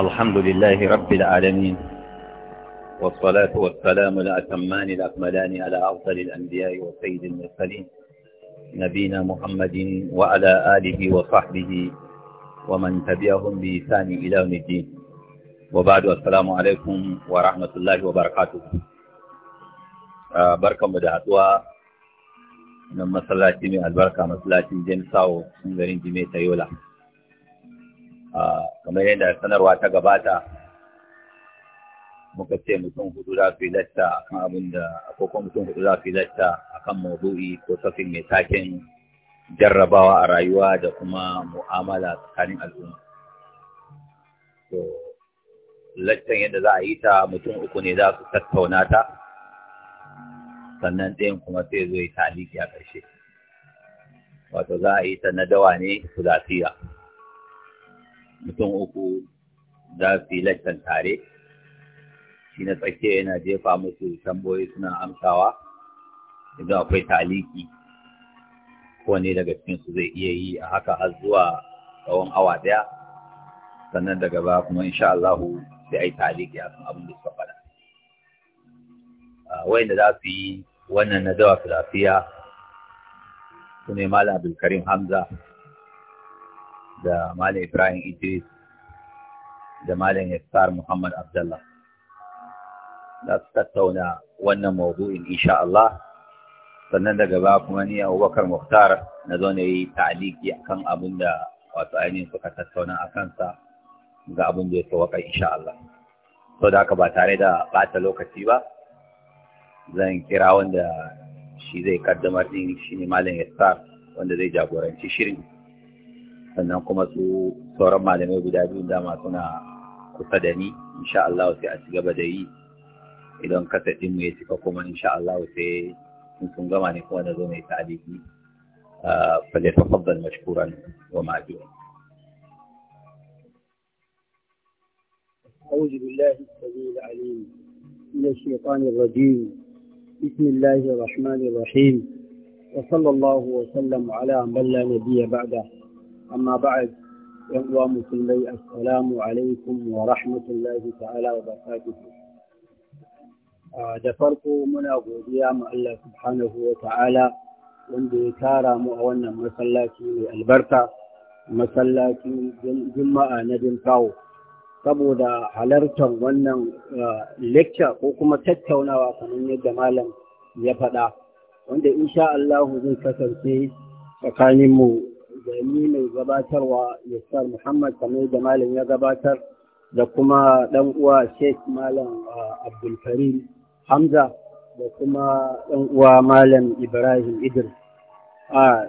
الحمد لله رب العالمين والصلاة والسلام الأتمان الأكملان على أفضل الأنبياء وسيد المرسلين نبينا محمد وعلى آله وصحبه ومن تبعهم بإحسان إلى يوم الدين وبعد السلام عليكم ورحمة الله وبركاته بركة مدعوة من مسلاتي من البركة مسلاتي جنساو من غير جميع تيولا kamar yadda sanarwa ta gabata muka ce mutum hudu za su yi latta akan abin da akwai mutum hudu za su yi latta kan maudu'i ko safin mai taken jarrabawa a rayuwa da kuma mu'amala tsakanin al'umma to lattan yadda za a yi ta mutum uku ne za su tattauna ta sannan ɗayan kuma sai zo yi taliki a ƙarshe wato za a yi ta na dawa ne lafiya. mutum uku za su yi lantan tare shi na tsakiya yana jefa musu tamboyi suna amsawa idan akwai taliki kowane daga cikinsu zai iya yi a haka har zuwa tsawon awa ɗaya sannan daga ba kuma insha Allahu sai a taliki a kan abin da suka faɗa. Ah, wayanda za su yi wannan na dawa filafiya su ne Malam Abdulkarim Hamza da Malam Ibrahim Idris da Malam Yasar Muhammad Abdullah. Za su tattauna wannan mawdu'in insha Allah, sannan daga ba kuma ni Abubakar Muhtar na zo ne yi ta'aliki kan abin da wasu ainihin suka tattauna a kansa ga abin da ya sawaka insha Allah. So da haka ba tare da ɓata lokaci ba, zan kira wanda shi zai kaddamar ɗin shi ne Malam Yasar wanda zai jagoranci shirin. sannan kuma su sauran malamai guda biyu dama suna kusa da ni insha Allah sai a cigaba da yi idan kasadin mu ya cika kuma insha Allah sai in sun gama ne kuma da zo mai ta'aliki ah, fa da tafaddal mashkuran wa ma'duran أعوذ بالله السميع العليم من الشيطان الرجيم بسم الله الرحمن الرحيم وصلى الله وسلم على من لا نبي بعده amma ba'ad yan uwa musulmai assalamu alaikum wa rahmatullahi ta'ala wa da farko muna godiya ma Allah subhanahu wa ta'ala wanda ya tara mu a wannan masallaci mai albarka masallacin juma'a na dinkawo saboda halartar wannan lecture ko kuma tattaunawa kamar yadda malam ya faɗa wanda insha Allah zai kasance tsakaninmu gani mai gabatarwa Yusuf Muhammad kamar da malam ya gabatar da kuma ɗan uwa Sheikh Malam Abdulkarim Hamza da kuma ɗan uwa Malam Ibrahim Idris. A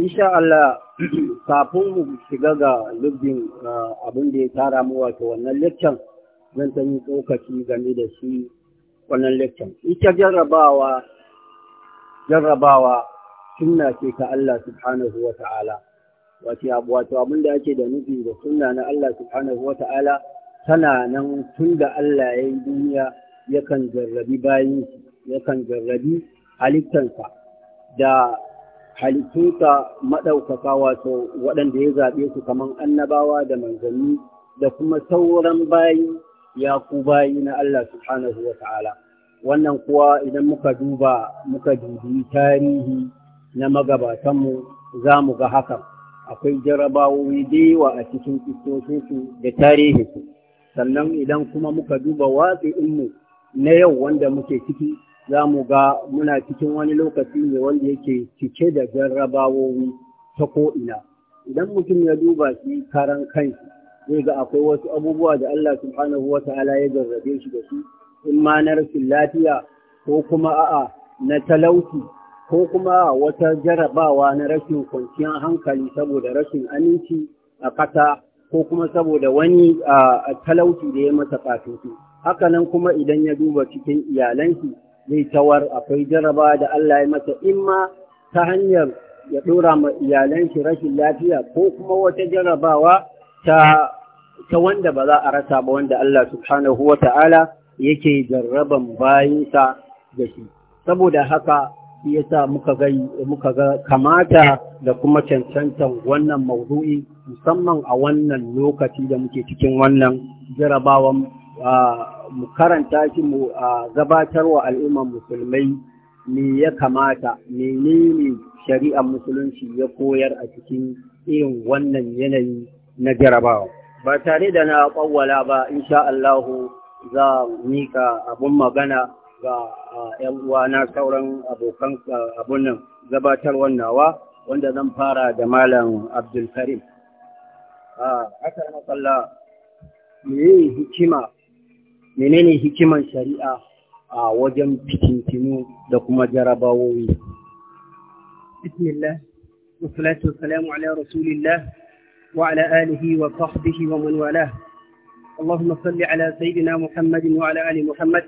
insha Allah kafin mu shiga ga lubbin abin da ya tara mu wato wannan leccan zan ta yi tsokaci game da shi wannan leccan. Ita jarrabawa jarrabawa sunna ce ta Allah subhanahu wa ta'ala. wato abin da ake da nufi da sunna na Allah subhanahu wa ta'ala tana nan tun da Allah ya yi duniya yakan jarrabi yakan jarrabi halittansa da halittunsa maɗaukaka wato waɗanda ya zaɓe su kamar annabawa da manzanni da kuma sauran bayi ya ku bayi na Allah subhanahu wa ta'ala wannan kuwa idan muka duba muka dubi tarihi na magabatanmu za mu ga hakan akwai jarabawoyi da yawa a cikin kistocinsu da tarihinsu sannan idan kuma muka duba watsi mu na yau wanda muke ciki za mu ga muna cikin wani lokaci ne wanda yake cike da jarabawoyi ta ko'ina idan mutum ya duba shi karan kanshi zai ga akwai wasu abubuwa da Allah subhanahu wa ta'ala ya jarrabe shi da su in ma na rashin lafiya ko kuma a'a na talauci ko kuma wata jarabawa na rashin kwanciyar hankali saboda rashin aminci a ƙasa ko kuma saboda wani talauci da ya masa fatutu. Hakanan kuma idan ya duba cikin iyalanki zai tawar akwai jaraba da Allah ya masa In ma ta hanyar ya ɗora ma iyalanki rashin lafiya ko kuma wata jarabawa ta ta wanda ba za a rasa ba wanda Allah subhanahu wa ta'ala yake jarraban bayinsa da shi. Saboda haka shi yasa muka muka ga kamata da kuma cancantan wannan maudu'i musamman a wannan lokaci da muke cikin wannan jarabawan mu karanta shi mu gabatar wa al'umman musulmai me ya kamata menene shari'ar musulunci ya koyar a cikin irin wannan yanayi na jarabawa ba tare da na ƙwawwala ba insha Allahu za mika abin magana ga uwa na sauran abokan abun nan gabatarwar nawa wanda zan fara da Malam Abdulkarim. Haka matsala, menene hikima, menene hikiman shari'a a wajen fitintinu da kuma jarabawowi. Bismillah, wasu salamu ala Rasulillah wa ala alihi wa sahbihi wa man Allahumma salli ala على muhammadin wa ala ali محمد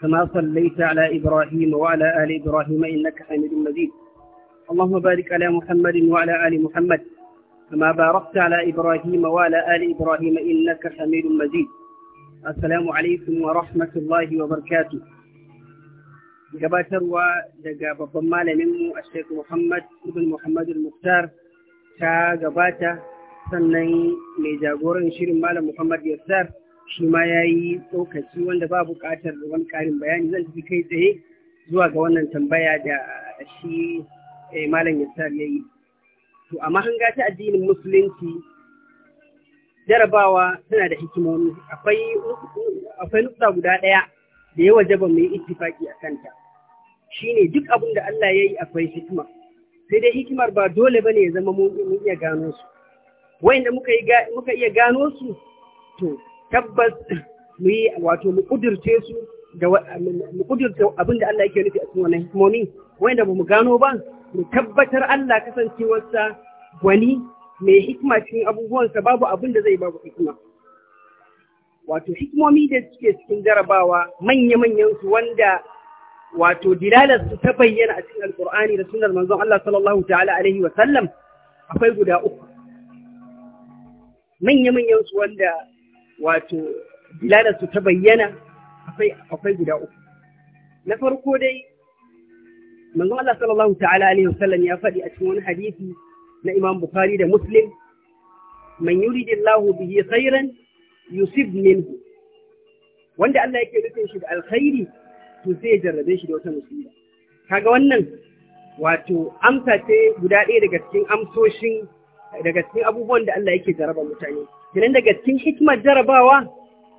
كما صليت على إبراهيم وعلى آل إبراهيم إنك حميد مجيد اللهم بارك على محمد وعلى آل محمد كما باركت على إبراهيم وعلى آل إبراهيم إنك حميد مجيد السلام عليكم ورحمة الله وبركاته جباتر daga babban malaminmu الشيخ محمد Muhammad محمد المختار al-Mukhtar ta gabata sannan mai jagoran shirin shi ma ya yi tsokaci wanda ba buƙatar wani ƙarin bayani zan tafi kai tsaye zuwa ga wannan tambaya da shi eh, malam yasar ya yi to a mahanga ta addinin musulunci jarabawa tana da hikimomi akwai akwai nutsa guda ɗaya da ya wajaba mai ittifaki a kanta shine duk abin da Allah ya yi akwai hikima sai dai hikimar ba dole bane ya zama mun iya gano su wayanda muka iya gano su to tabbas mu yi wato mu kudirce su da mu kudirce abin da Allah yake nufi a cikin wannan hikimomi wanda ba mu gano ba mu tabbatar Allah kasancewarsa gwani mai hikima cikin abubuwansa babu abin da zai babu hikima wato hikimomi da suke cikin jarabawa manya-manyan su wanda wato dilalar su ta bayyana a cikin alkur'ani da sunnar manzon Allah sallallahu ta'ala alaihi wa sallam akwai guda uku manya-manyan su wanda wato su ta bayyana akwai guda uku. Na farko dai, manzon Allah sallallahu ta'ala alaihi wasallam ya faɗi a cikin wani hadisi na Imam Bukhari da Muslim, man yuri bihi khairan yusuf minhu. Wanda Allah yake nufin shi da alkhairi to sai ya jarrabe shi da wata musulma. Kaga wannan wato amsa ce guda ɗaya daga cikin amsoshin daga cikin abubuwan da Allah yake jaraba mutane. Ganin daga cikin hikimar jarabawa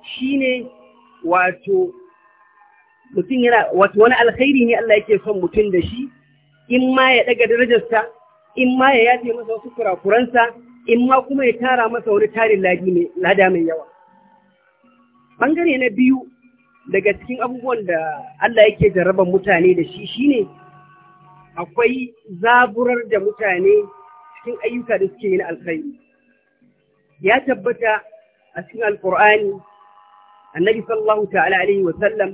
shine wato mutum yana wato wani alkhairi ne Allah yake son mutum da shi in ma ya ɗaga darajarsa in ma ya yafe masa wasu kurakuransa in ma kuma ya tara masa wani tarin lada mai yawa bangare na biyu daga cikin abubuwan da Allah yake jarabar mutane da shi shi ne akwai zaburar da mutane cikin ayyuka da suke yi na alkhairi ya tabbata a cikin Alƙur'ani, annabi sallallahu ta'ala alaihi wa sallam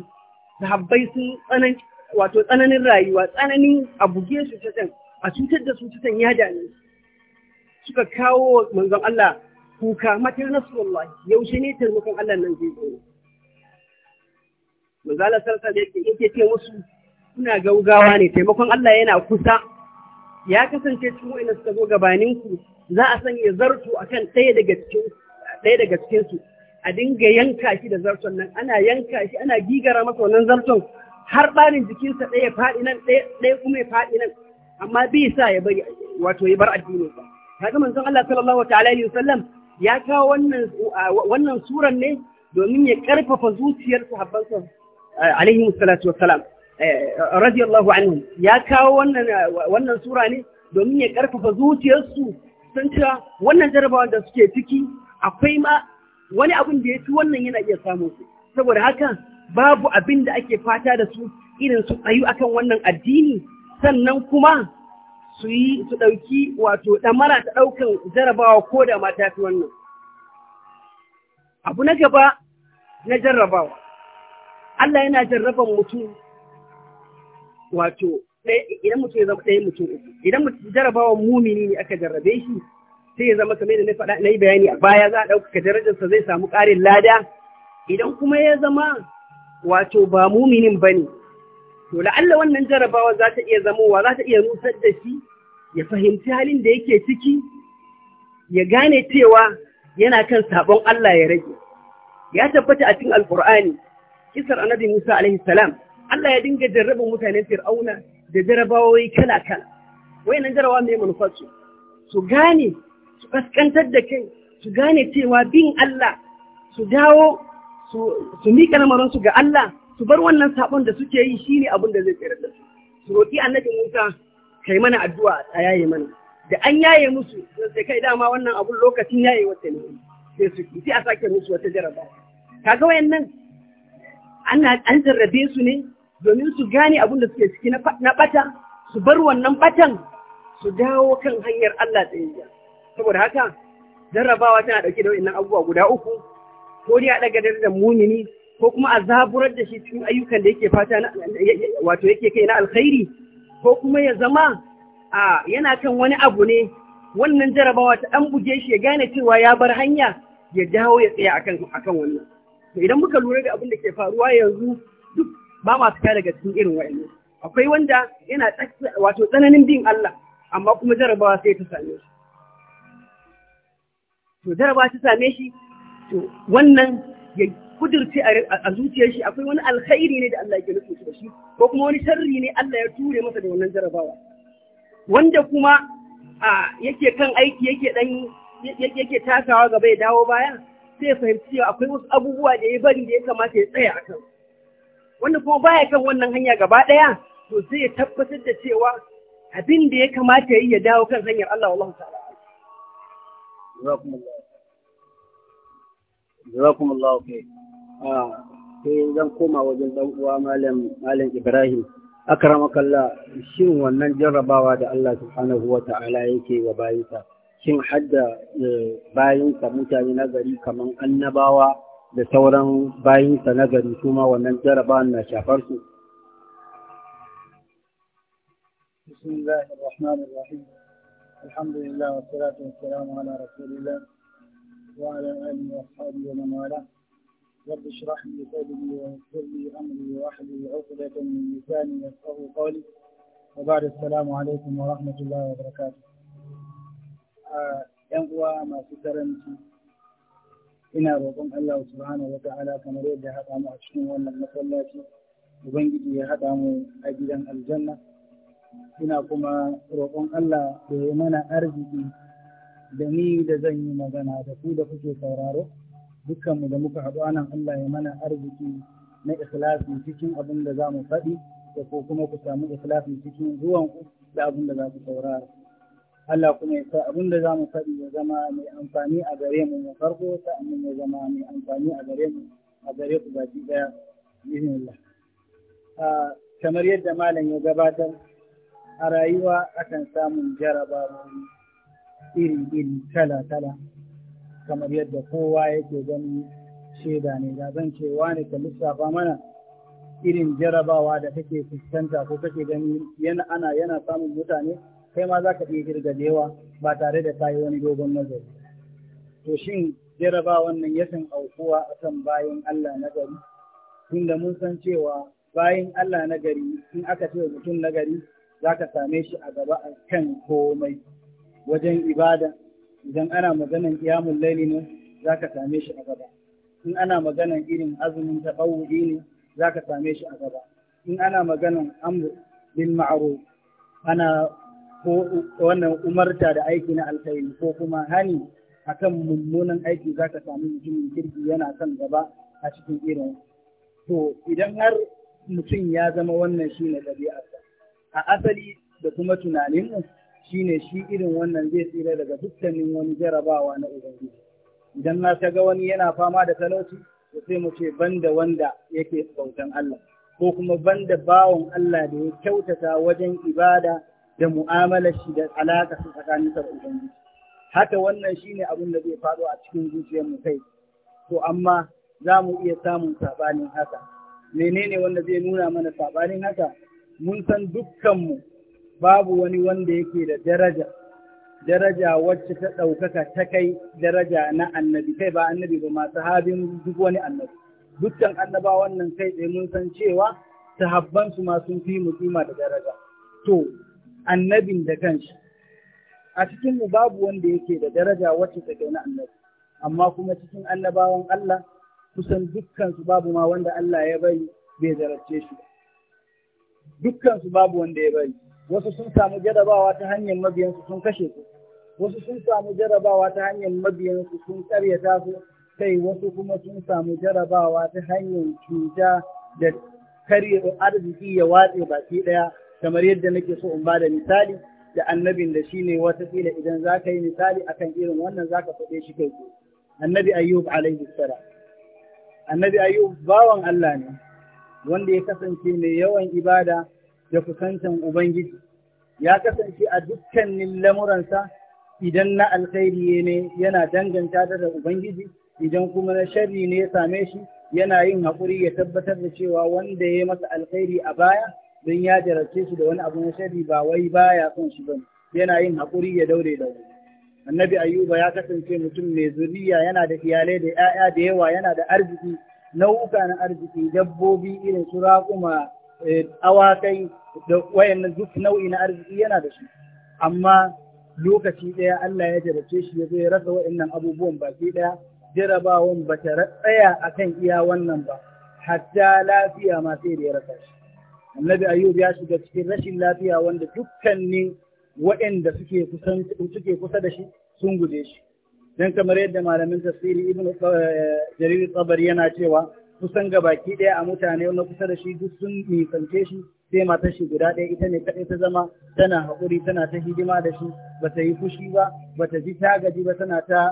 sahabbai sun tsanan wato tsananin rayuwa tsananin a buge su ta can a cutar da su ta can ya dame suka kawo manzon Allah kuka mata nasrullahi yaushe ne taimakon Allah nan zai zo manzo Allah sallallahu alaihi wa sallam yake ce musu kuna gaugawa ne taimakon Allah yana kusa ya kasance cikin wa'inda suka zo gabaninku za a sanya zarto akan ɗaya daga cikin ɗaya daga cikinsu a dinga yanka shi da zarton nan ana yanka shi ana gigara masa wannan zarton har ɓarin jikinsa ɗaya faɗi nan ɗaya kuma ya faɗi nan amma bi sa ya bari wato ya bar addinin sa kaga manzon Allah sallallahu ta'ala alaihi wasallam ya kawo wannan wannan suran ne domin ya karfafa zuciyar sahabbansa alaihi salatu wassalam Eh, radiyallahu anhu ya kawo wannan sura ne domin ya karfafa zuciyarsu san cewa wannan jarabawa da suke ciki akwai ma wani abin da ya ci wannan yana iya samun su saboda haka babu abin da ake fata da su irin su tsayu akan wannan addini sannan kuma su yi su ɗauki wato ɗamara ta ɗaukan jarabawa ko da ma fi wannan abu na gaba na jarrabawa Allah yana jarraban mutum wato idan mutum ya zama ɗaya mutum uku idan mutum jarabawa mumini ne aka jarrabe shi sai ya zama kamar da na faɗa na yi bayani a baya za a ɗaukaka darajarsa zai samu ƙarin lada idan kuma ya zama wato ba muminin ba ne to la'alla wannan jarabawa za ta iya zamowa za ta iya nusar da shi ya fahimci halin da yake ciki ya gane cewa yana kan sabon Allah ya rage ya tabbata a cikin alkur'ani kisar annabi Musa alaihi salam Allah ya dinga jarraba mutane fir'auna da jarabawai kala-kala. Wai nan jarawa mai manufarsu, su gane, su kaskantar da kai, su gane cewa bin Allah, su dawo, su miƙa lamarinsu ga Allah, su bar wannan sabon da suke yi shi ne abin da zai tsere da su. Su roƙi annabi Musa, ka yi mana addu'a a yaye mana. Da an yaye musu, sai kai dama wannan abun lokacin yaye wata ne. Sai su sai a sake musu wata jarabawa. Kaga wayannan an jarrabe su ne domin su gane abin da suke ciki na ɓata, su bar wannan ɓatan, su dawo kan hanyar Allah tsayayya saboda haka jarrabawa tana ɗauke da wayannan abubuwa guda uku ko dai a daga darajar mumini ko kuma a zaburar da shi cikin ayyukan da yake fata wato yake kai na alkhairi ko kuma ya zama a yana kan wani abu ne wannan jarabawa ta ɗan buge shi ya gane cewa ya bar hanya ya dawo ya tsaya akan akan wannan idan muka lura da abin da ke faruwa yanzu duk ba ma fita daga cikin irin wa'annan akwai wanda yana wato tsananin bin Allah amma kuma jarabawa sai ta same shi to jarabawa ta same shi to wannan ya kudirce a zuciyar shi akwai wani alkhairi ne da Allah yake nufi da shi ko kuma wani sharri ne Allah ya ture masa da wannan jarabawa wanda kuma a yake kan aiki yake dan yake takawa gaba ya dawo baya sai fahimci cewa akwai wasu abubuwa da ya bari da ya kamata ya tsaya akan. wanda kuma baya kan wannan hanya gaba ɗaya to sai ya tabbatar da cewa abin da ya kamata ya yi ya dawo kan hanyar Allah wallahu ta'ala jazakumullahu khair ah zan koma wajen dan uwa malam malam Ibrahim akramakallah shin wannan jarrabawa da Allah subhanahu wa ta'ala yake wa bayinsa shin hadda eh, bayinsa mutane nazari kamar annabawa da sauran bayinsa na gari su ma wannan jaraba na shafar su. Bismillahir Rahmanir Rahim. Alhamdulillah wa salatu wa salamu ala Rasulillah wa ala alihi wa sahbihi wa man wala. رب اشرح لي صدري ويسر لي امري واحلل عقدة من لساني يفقهوا قولي وبعد السلام عليكم ورحمة الله وبركاته. آه ينقوى ما سكرنتي ina roƙon Allah subhanahu wata'ala kamar yadda ya haɗa mu a cikin wannan masallaci ubangiji ya haɗa mu a gidan aljanna ina kuma roƙon Allah da ya mana arziki da ni da zan yi magana da ku da kuke sauraro dukkanmu da muka haɗu anan Allah ya mana arziki na ikhlasi cikin abin da za mu faɗi da ko kuma ku samu ikhlasi cikin zuwanku da abin da za ku saurara Allah kuma ya sa abin da za mu faɗi ya zama mai amfani a gare mu na farko amma ya zama mai amfani a gare mu a gare ku baki ɗaya Allah. kamar yadda malam ya gabatar a rayuwa akan samun jarabawoyi iri-iri kala-kala kamar yadda kowa yake gani shaida ne da zan cewa ne ka lissafa mana irin jarabawa da kake fuskanta ko kake gani yana ana yana samun mutane kai ma za ka iya girgajewa yawa ba tare da kayi wani dogon nazari to shin jaraba wannan yakan aukuwa akan bayan Allah na gari tunda mun san cewa bayan Allah nagari in aka ce mutum nagari gari za ka same shi a gaba a kan komai wajen ibada idan ana maganan iyamun laili ne za ka same shi a gaba in ana maganan irin azumin taɓawuɗi ne za ka same shi a gaba in ana maganan amur bil ma'ruf ana ko wannan umarta da aiki na alkhairi ko kuma hani akan mummunan aiki za ka sami mutumin kirki yana kan gaba a cikin irin to idan har mutum ya zama wannan shi ne ɗabi'arsa a asali da kuma tunanin shi ne shi irin wannan zai tsira daga dukkanin wani jarabawa na ubangiji idan na ta ga wani yana fama da talauci to sai mu ce ban da wanda yake bautan Allah ko kuma ban da bawan Allah da ya kyautata wajen ibada da mu'amalar shi da alaƙa su tsakanin sa da Ubangiji. Haka wannan shine abin da zai faɗo a cikin zuciyar mu kai. To amma za mu iya samun sabanin haka. Menene wanda zai nuna mana sabanin haka? Mun san dukkanmu babu wani wanda yake da daraja daraja wacce ta ɗaukaka ta kai daraja na annabi kai ba annabi ba ma sahabin duk wani annabi dukkan annaba wannan kai ɗaya mun san cewa sahabbansu ma sun fi mu kima da daraja to annabin da kanshi a cikin mu babu wanda yake da daraja wacce kai na annabi amma kuma cikin annabawan Allah kusan dukkan su babu ma wanda Allah ya bari bai zarafce shi dukkan su babu wanda ya bari wasu sun samu jarabawa ta hanyar mabiyan su sun kashe su wasu sun samu jarabawa ta hanyar mabiyan su sun karyata su kai wasu kuma sun samu jarabawa ta hanyar cuta da karye arziki ya watse baki daya kamar yadda nake so in bada misali da annabin da shine watakila idan za ka yi misali akan irin wannan za ka faɗe shi kai annabi ayyub alaihi salam annabi ayyub bawan Allah ne wanda ya kasance mai yawan ibada da kusantan ubangiji ya kasance a dukkanin lamuransa idan na alkhairi ne yana danganta da ubangiji idan kuma na sharri ne ya same shi yana yin haƙuri ya tabbatar da cewa wanda ya yi masa alkhairi a baya don ya jarabce shi da wani abu na shari ba wai ba ya son shi ba, yana yin haƙuri ya daure da wuri annabi Ayuba ya kasance mutum mai zuriya yana da iyalai da 'ya'ya da yawa yana da arziki nau'uka na arziki dabbobi irin su raƙuma eh, awakai da wayannan duk nau'i na arziki yana da shi amma lokaci ɗaya Allah ya jarabce shi ya zo ya rasa wayannan abubuwan baki ɗaya jarabawan ba ta tsaya akan iya wannan ba hatta lafiya ma sai da ya rasa shi annabi ayyub ya shiga cikin rashin lafiya wanda dukkanin waɗanda suke kusan kusa da shi sun guje shi Don kamar yadda malamin tafsiri Ibn eh, jarir tabari yana cewa kusan gabaki ɗaya a mutane na kusa da shi duk sun nisance shi sai matar shi guda ɗaya ita ne kaɗai ta zama tana haƙuri tana ta hidima da shi ba ta yi fushi ba ba ta ji ta gaji ba tana ta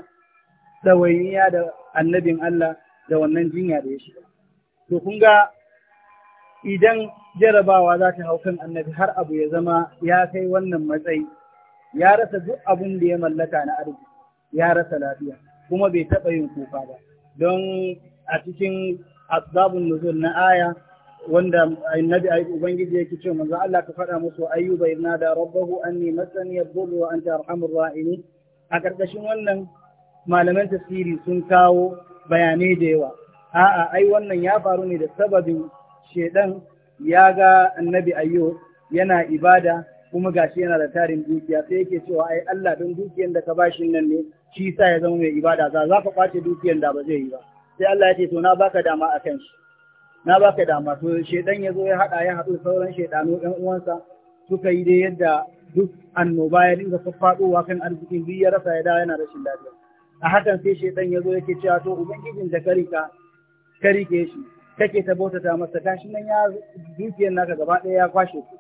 ɗawainiya da annabin Allah da wannan jinya da ya shiga. To kun ga idan jarabawa za ta hau kan annabi har abu ya zama ya kai wannan matsayi ya rasa duk abin da ya mallaka na arziki ya rasa lafiya kuma bai taɓa yin kuka ba don a cikin azabun nuzul na aya wanda annabi ayi ubangiji yake cewa manzo Allah ka faɗa musu ayyuba inna da rabbahu anni masani yadhurru wa anta arhamur rahimin a karkashin wannan malaman tafsiri sun kawo bayanai da yawa a'a ai wannan ya faru ne da sababin shedan ya ga annabi ayyo yana ibada kuma gashi yana da tarin dukiya sai yake cewa ai Allah dan dukiyan da ka bashi nan ne shi sa ya zama mai ibada za za ka kwace dukiyan da ba zai yi ba sai Allah ya ce to na baka dama akan shi na baka dama to shedan ya zo ya hada ya hadu sauran shedanu ɗan uwansa suka yi dai yadda duk annoba ya dinga faɗowa kan arzikin biyu ya rasa ya dawo yana rashin lafiya a hakan sai shedan ya zo yake cewa to ubangijin da ka karike shi kake ta bautata masa gashi nan ya dukiyar naka gaba ɗaya ya kwashe ku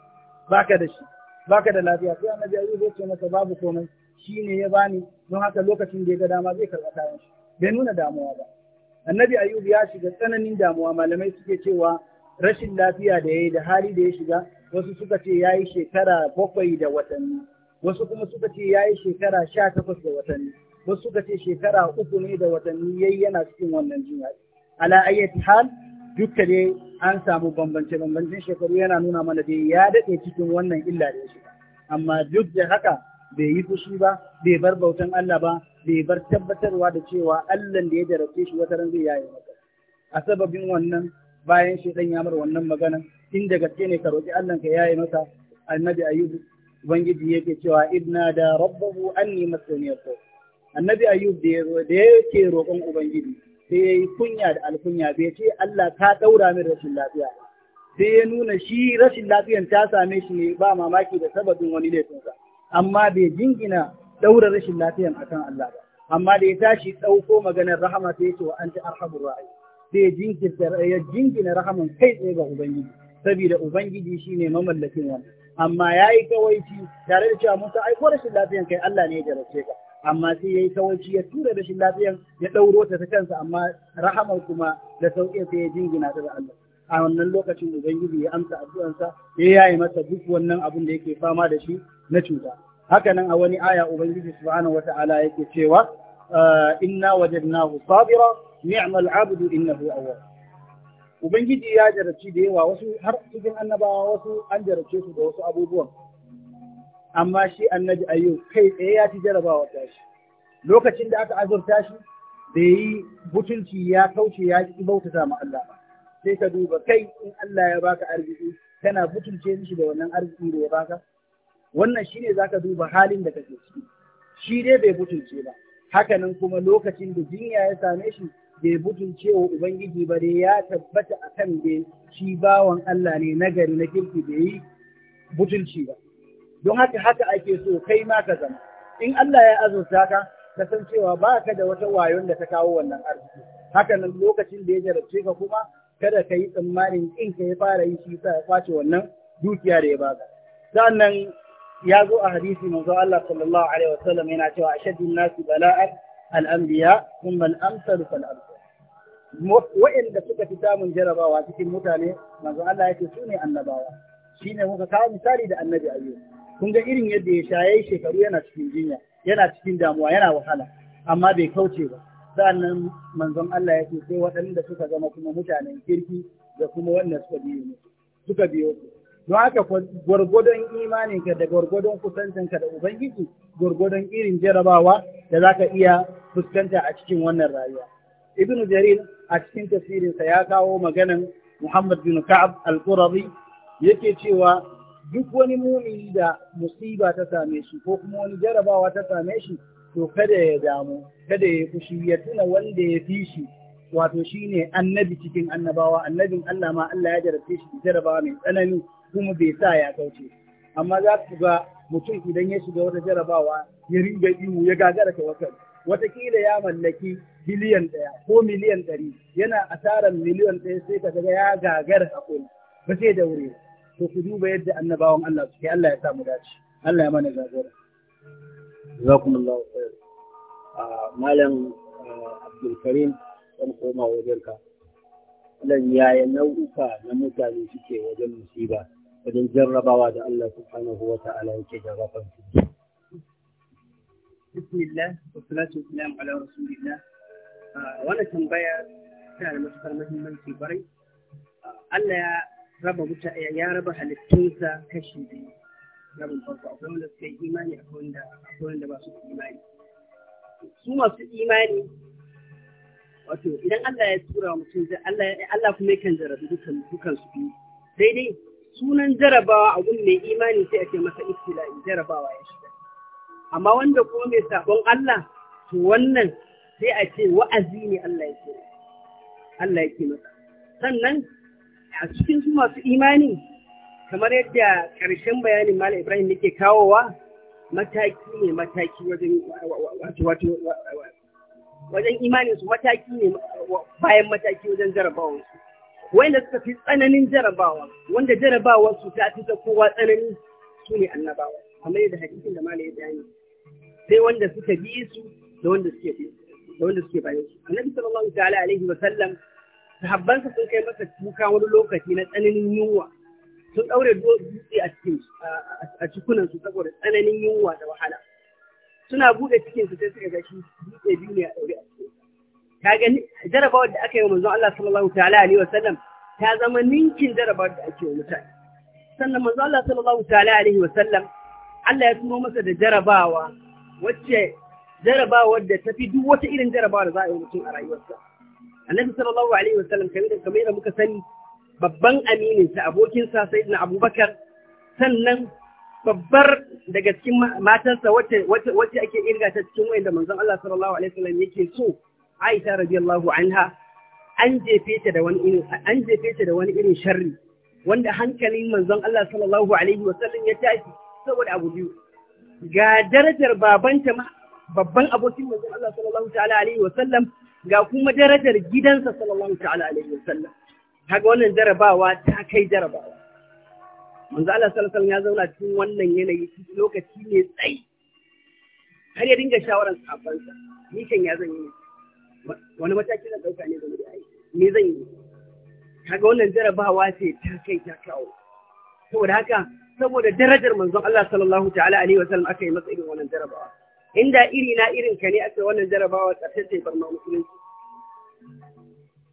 baka da shi baka da lafiya sai annabi ayyub ya ce masa babu komai shine ya bani don haka lokacin da ya ga dama zai karɓa kayan shi bai nuna damuwa ba annabi ayyub ya shiga tsananin damuwa malamai suke cewa rashin lafiya da yayi da hali da ya shiga wasu suka ce yayi shekara bakwai da watanni wasu kuma suka ce yayi shekara sha takwas da watanni wasu suka ce shekara uku ne da watanni yayi yana cikin wannan jinya ala ayyati hal duka dai an samu bambance-bambancen shekaru yana nuna mana dai ya daɗe cikin wannan illa da shi amma duk da haka bai yi fushi ba bai bar bautan Allah ba bai bar tabbatarwa da cewa Allah da ya jarabce shi wata ran zai yaye maka a sababin wannan bayan shi dan ya mar wannan magana in da gaske ne ka roki Allah ka yaye masa. annabi ayyub ubangiji yake cewa idna da rabbahu anni masaniyatu annabi ayyub da yake roƙon ubangiji sai ya yi kunya da alkunya bai ce Allah ka ɗaura min rashin lafiya sai ya nuna shi rashin lafiyan ta same shi ne ba mamaki da sababin wani laifinsa amma bai jingina ɗaura rashin lafiyan akan Allah ba amma da ya tashi ɗauko maganar rahama sai ya ce wa an ta arhamur sai ya jinkirta ya jingina rahaman kai tsaye ga ubangiji saboda ubangiji shine mamallakin wannan amma yayi kawaici tare da cewa Musa ai ko rashin lafiyan kai Allah ne ya jarabce ka amma sai ya yi sawanci ya tura rashin lafiyan ya ɗauro ta ta kansa amma rahamar kuma da sauƙi sai ya jingina ta da Allah a wannan lokacin ubangiji ya amsa addu'ansa ya yaye masa duk wannan abin da yake fama da shi na cuta Hakanan a wani aya ubangiji subhanahu wata'ala yake cewa ah, inna wajadnahu sabira ni'mal abdu innahu awwab ubangiji ya jarabci da yawa wasu har cikin annabawa wasu an jarabce su da wasu abubuwan amma shi annabi ayyub kai tsaye ya ci jarabawa tashi lokacin da aka azurta shi da yi butunci ya kauce ya ki bautata ma Allah ba sai ka duba kai in Allah ya baka arziki kana butunce mishi da wannan arziki da ya baka wannan shine zaka duba halin da kake ciki shi dai bai butunce ba hakanan kuma lokacin da jinya ya same shi bai butunce wa ubangiji ba dai ya tabbata akan dai shi bawan Allah ne nagari na kirki bai yi butunci ba don haka haka ake so kai ma ka zama in Allah ya azurta ka ka san cewa ba ka da wata wayon da ta kawo wannan arziki haka nan lokacin da ya jarabce ka kuma kada ka yi tsammanin in ka ya fara yi shi sa ya kwace wannan dukiya da ya baka sannan ya zo a hadisi manzo Allah sallallahu alaihi wasallam yana cewa ashaddun nasi bala'an al-anbiya thumma al-amsal fal amsal suka fi samun jarabawa cikin mutane manzo Allah yake su ne annabawa shine muka kawo misali da annabi ayyuba kun ga irin yadda ya sha yayi shekaru yana cikin jinya yana cikin damuwa yana wahala amma bai kauce ba sa'annan manzon Allah yake sai waɗanda suka zama kuma mutanen kirki da kuma wanda suka biyo ne suka biyo su don haka gwargwadon imaninka da gwargwadon kusancinka da ubangiji gwargwadon irin jarabawa da zaka iya fuskanta a cikin wannan rayuwa ibnu jarir a cikin tafsirinsa ya kawo maganan muhammad bin ka'ab al-qurabi yake cewa duk wani mumini da musiba ta same shi ko kuma wani jarabawa ta same shi to kada ya damu kada ya fushi ya tuna wanda ya fi shi wato shine annabi cikin annabawa annabin Allah ma Allah ya jarabce shi da jarabawa mai tsanani kuma bai sa ya kauce amma za ku ga mutum idan ya shiga wata jarabawa ya ringa ihu ya gagara wata watakila ya mallaki biliyan ɗaya ko miliyan ɗari yana asarar miliyan ɗaya sai ka ga ya gagara hakuri ba sai da wuri to ku duba yadda annabawan Allah suke Allah ya samu dace Allah ya mana jagora jazakumullahu khair ah, malam ah, Abdul Karim dan koma wajenka lan yaya nau'uka na mutane suke wajen musiba wajen jarrabawa da Allah subhanahu wa ta'ala yake jarraban su bismillah wa salatu wassalam ala rasulillah ah, wannan tambaya tana da matukar muhimmanci kwarai Allah ya raba wuta ya raba halittunsa kashi biyu rabin farko akwai wanda suka yi imani akwai wanda akwai wanda ba su yi imani su masu imani wato idan Allah ya tura wa mutum Allah Allah kuma yakan jarabi dukan dukan su biyu daidai sunan jarabawa a gun mai imani sai a ce masa ibtila'i jarabawa ya shiga amma wanda kuma mai sabon Allah to wannan sai a ce wa'azi ne Allah ce Allah yake masa sannan a cikin su masu imani kamar yadda ƙarshen bayanin Malam Ibrahim yake kawowa mataki ne mataki wajen wato wajen imanin su mataki ne bayan mataki wajen jarabawan su wanda suka fi tsananin jarabawa wanda jarabawar su ta fi ta kowa tsanani su ne annabawa kamar yadda hadisin da Malam ya bayani sai wanda suka bi su da wanda suke bi da wanda suke bayan su annabi sallallahu ta'ala alaihi wa sallam sahabbansa sun kai masa kuka wani lokaci na tsananin yunwa sun daure dutse a cikin a cikunan su saboda tsananin yunwa da wahala suna buɗe cikin su sai suka ga shi dutse biyu ne a ɗaure a cikin ka ga jarabawar da aka yi wa manzon Allah sallallahu ta'ala alaihi wasallam ta zama ninkin jarabawar da ake wa mutane sannan manzon Allah sallallahu ta'ala alaihi wasallam Allah ya turo masa da jarabawa wacce jarabawar da tafi duk wata irin jarabawa da za a yi mutum a rayuwarsa annabi sallallahu alaihi wasallam kamar da kamar muka sani babban aminin sa abokin sa sayyidina abubakar sannan babbar daga cikin matarsa wacce wacce ake irga ta cikin wayanda manzon Allah sallallahu alaihi wasallam yake so Aisha radiyallahu anha an jefe ta da wani irin an jefe ta da wani irin sharri wanda hankalin manzon Allah sallallahu alaihi wasallam ya tashi saboda abu biyu ga darajar babanta ma babban abokin manzon Allah sallallahu ta'ala alaihi wasallam ga kuma darajar gidansa sallallahu ta'ala alaihi wasallam kaga wannan jarabawa ta kai jarabawa manzo Allah sallallahu alaihi ya zauna cikin wannan yanayi lokaci ne tsayi har ya dinga shawaran sahabbansa ni kan ya zan yi wani mataki na dauka ne game da ai ni zan yi kaga wannan jarabawa ce ta kai ta kawo saboda haka saboda darajar manzon Allah sallallahu ta'ala alaihi wasallam aka yi masa irin wannan jarabawa inda iri na irin ka ne aka wannan jarabawa ƙarshen zai barma musulunci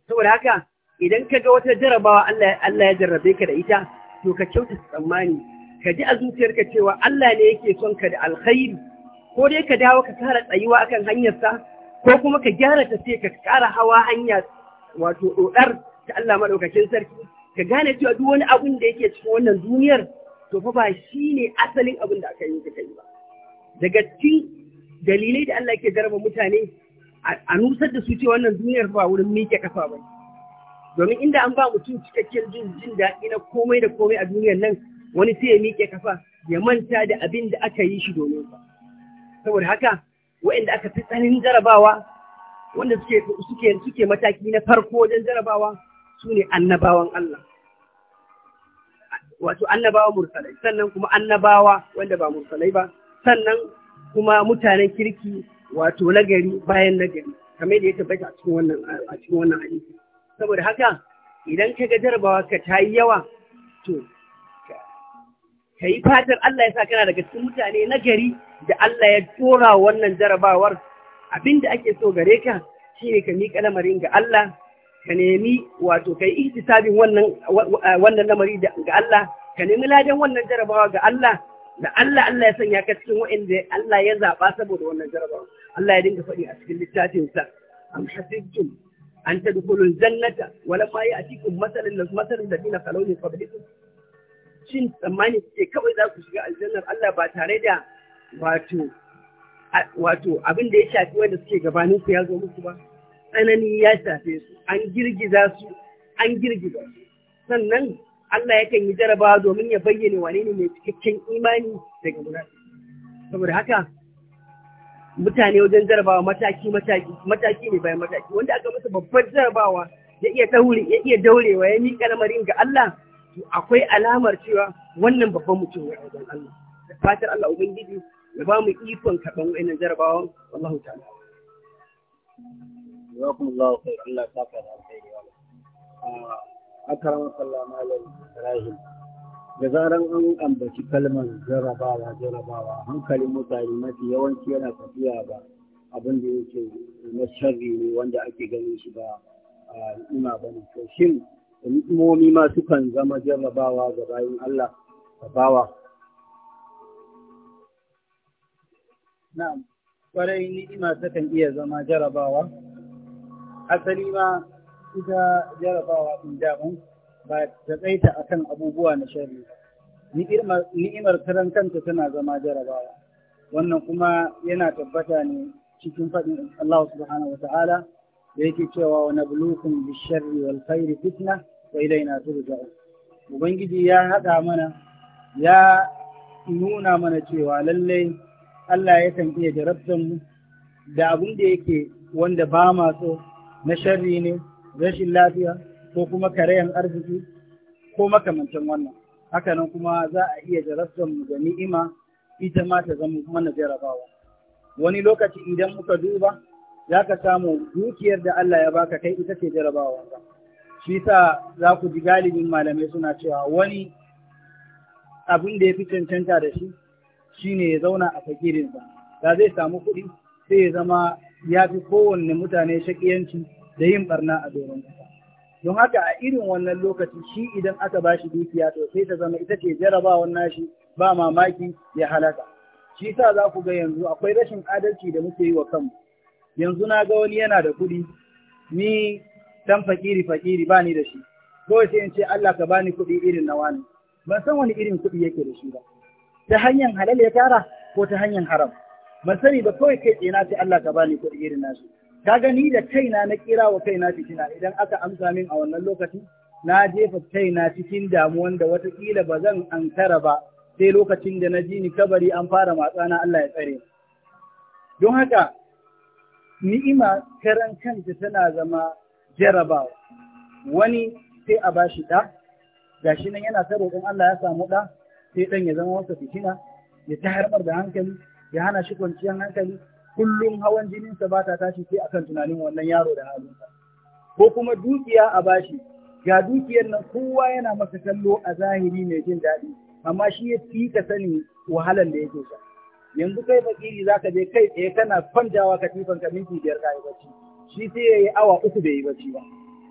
saboda haka idan ka ga wata jarabawa Allah ya jarrabe ka da ita to ka kyauta tsammani ka ji a zuciyarka cewa Allah ne yake son ka da alkhairi ko dai ka dawo ka kara tsayuwa akan hanyarsa ko kuma ka gyara ta sai ka kara hawa hanya wato dodar ta Allah maɗaukakin sarki ka gane cewa duk wani abun da yake cikin wannan duniyar to fa ba ne asalin abun da aka yi ka yi ba daga cikin dalilai da Allah yake jaraba mutane a nusar da su ce wannan duniyar ba wurin miƙe kafa ba domin inda an ba mutum cikakken jin jin daɗi na komai da komai a duniyar nan wani sai ya miƙe kafa ya manta da abin da aka yi shi domin sa saboda haka waɗanda aka fi tsananin jarabawa wanda suke suke suke mataki na farko wajen jarabawa su ne annabawan Allah wato annabawa mursalai sannan kuma annabawa wanda ba mursalai ba sannan kuma mutanen kirki wato nagari bayan nagari kamar da ya tabbata a cikin wannan a cikin wannan hadisi saboda haka idan ka ga jarabawa ka ta yi yawa to ka yi fatar Allah ya sa kana daga cikin mutane nagari da Allah ya tora wannan jarabawar abinda ake so gare ka shine ka miƙa lamarin ga Allah ka nemi wato ka yi ihtisabin wannan wannan lamari ga Allah ka nemi ladan wannan jarabawa ga Allah da Allah Allah ya sanya ka cikin wa'inda Allah ya zaɓa saboda wannan jarabar. Allah ya dinga faɗi a cikin littafinsa am hasibtum an tadkhulul jannata wala ma ya'tikum masalun masalun ladina khalaw min qablikum shin tsammani kawai za ku shiga aljannar Allah ba tare da wato wato abin da ya shafi wanda suke gabanin ku ya zo muku ba tsanani ya shafe su an girgiza su an girgiza su sannan Allah kan yi jarabawa domin ya bayyana wane ne mai cikakken imani daga munafiki saboda haka mutane wajen jarabawa mataki mataki mataki ne bayan mataki wanda aka masa babbar jarabawa ya iya daure ya iya daurewa ya miƙa lamarin ga Allah to akwai alamar cewa wannan babban mutum ne a wajen Allah da fatar Allah ubangiji ya ba mu ikon kaɗan wa'annan jarabawa. wallahu ta'ala Allah ya saka da alheri akaran sallah malam Ibrahim da zaran an ambaci kalmar jarabawa jarabawa hankalin mutane mafi yawanci yana tafiya ba abin da yake na sharri ne wanda ake ganin shi ba a ina ba ne to shin ni'imomi ma sukan zama jarabawa ga bayan Allah ga bawa na'am kwarai ni'ima sukan iya zama jarabawa asali ma ita jarabawa ɗin daman ba ta tsaita akan abubuwa na shari ni'imar karan kanta tana zama jarabawa wannan kuma yana tabbata ne cikin faɗin Allah subhanahu wa ta'ala da yake cewa wa nablukum bisharri wal khairi fitna wa ilaina turja'un ubangiji ya haɗa mana ya nuna mana cewa lallai Allah ya yakan iya jarabtan mu da abin da yake wanda ba ma na sharri ne rashin lafiya ko kuma karayan arziki ko makamancin wannan hakanan kuma za a iya jarabtar mu da ni'ima ita ma ta zama mana jarabawa wani lokaci idan muka duba za ka samu dukiyar da Allah ya baka kai ita ce jarabawa shi sa za ku ji galibin malamai suna cewa wani abin da ya fi cancanta da shi shine ya zauna a fakirinsa da zai samu kuɗi sai ya zama ya fi kowanne mutane shakiyanci da yin barna a doron ƙasa. Don haka a irin wannan lokaci shi idan aka ba shi dukiya to sai ta zama ita ce jarabawan nashi ba mamaki ya halaka. Shi sa za ku ga yanzu akwai rashin adalci da muke yi wa kanmu. Yanzu na ga wani yana da kuɗi, ni dan fakiri fakiri ba ni da shi. Kawai sai in ce Allah ka bani kuɗi irin na wani. Ban san wani irin kuɗi yake da shi ba. Ta hanyar halal ya tara ko ta hanyar haram. Ban sani ba kawai kai na sai Allah ka bani kuɗi irin nasu. ka gani da kaina na kira wa kaina fitina idan aka amsa min a wannan lokaci na jefa kaina cikin damuwan da watakila ba zan ankara ba sai lokacin da na ji ni kabari an fara matsa na Allah ya tsare don haka ni'ima karan kanta tana zama jarabawa wani sai a bashi ɗa gashi nan yana ta roƙon Allah ya samu ɗa sai ɗan ya zama masa fitina ya ta harbar da hankali ya hana shi kwanciyar hankali kullum hawan jininsa ba ta tashi sai akan tunanin wannan yaro da halinsa. Ko kuma dukiya a bashi, ga dukiyar nan kowa yana masa kallo a zahiri mai jin daɗi, amma shi ya fi ka sani wahalar da yake ka. Yanzu kai fakiri za ka je kai tsaye kana kwantawa tifan ka minti biyar ka yi bacci, shi sai ya yi awa uku bai yi bacci ba.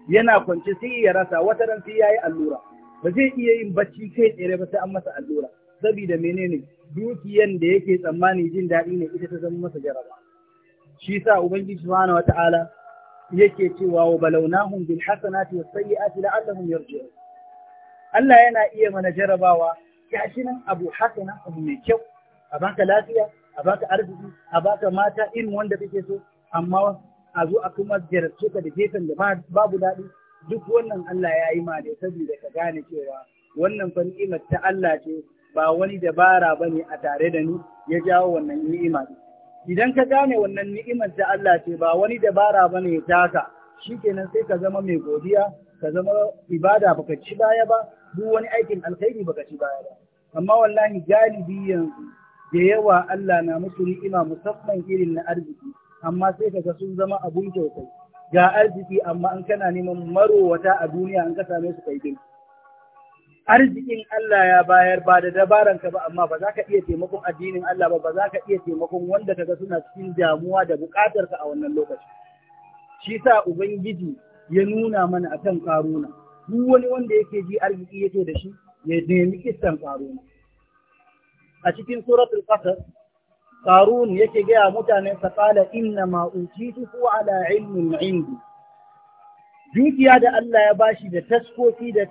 Yana kwance sai ya rasa wata ran sai ya yi allura, ba zai iya yin bacci kai tsere ba sai an masa allura, sabida menene dukiyan da yake tsammani jin daɗi ne ita ta zama masa jaraba shi sa ubangiji subhanahu wata'ala yake cewa wa balawnahum bil hasanati was sayyiati la'allahum yarji'un Allah yana iya mana jarabawa gashi nan abu hasana abu mai kyau a baka lafiya a baka arziki a baka mata irin wanda kake so amma a zo a kuma jarabce ka da gefen da babu daɗi duk wannan Allah ya yi ma ne saboda ka gane cewa wannan fa ni'imar ta Allah ce ba wani dabara ba ne a tare da ni ya jawo wannan ni'ima. Idan ka gane wannan ni'imar ta Allah ce ba wani dabara ba ne taka, shi kenan sai ka zama mai godiya, ka zama ibada baka ci baya ba, duk wani aikin alkhairi baka ci baya ba. Amma wallahi galibi yanzu da yawa Allah na musu ni'ima musamman irin na arziki, amma sai ka ga sun zama abun kyautai. Ga arziki amma an kana neman marowata a duniya an ka same su kai arzikin Allah ya bayar ba da dabaran ka ba amma ba za ka iya taimakon addinin Allah ba ba za ka iya taimakon wanda ka ga suna cikin damuwa da bukatar ka a wannan lokaci shi sa ubangiji ya nuna mana akan karuna duk wani wanda yake ji arziki yake da shi ya nemi kistan karuna a cikin suratul qasas qarun yake gaya mutanen sa qala inna ma utitu ala ilmin indi dukiya da Allah ya bashi da taskoki da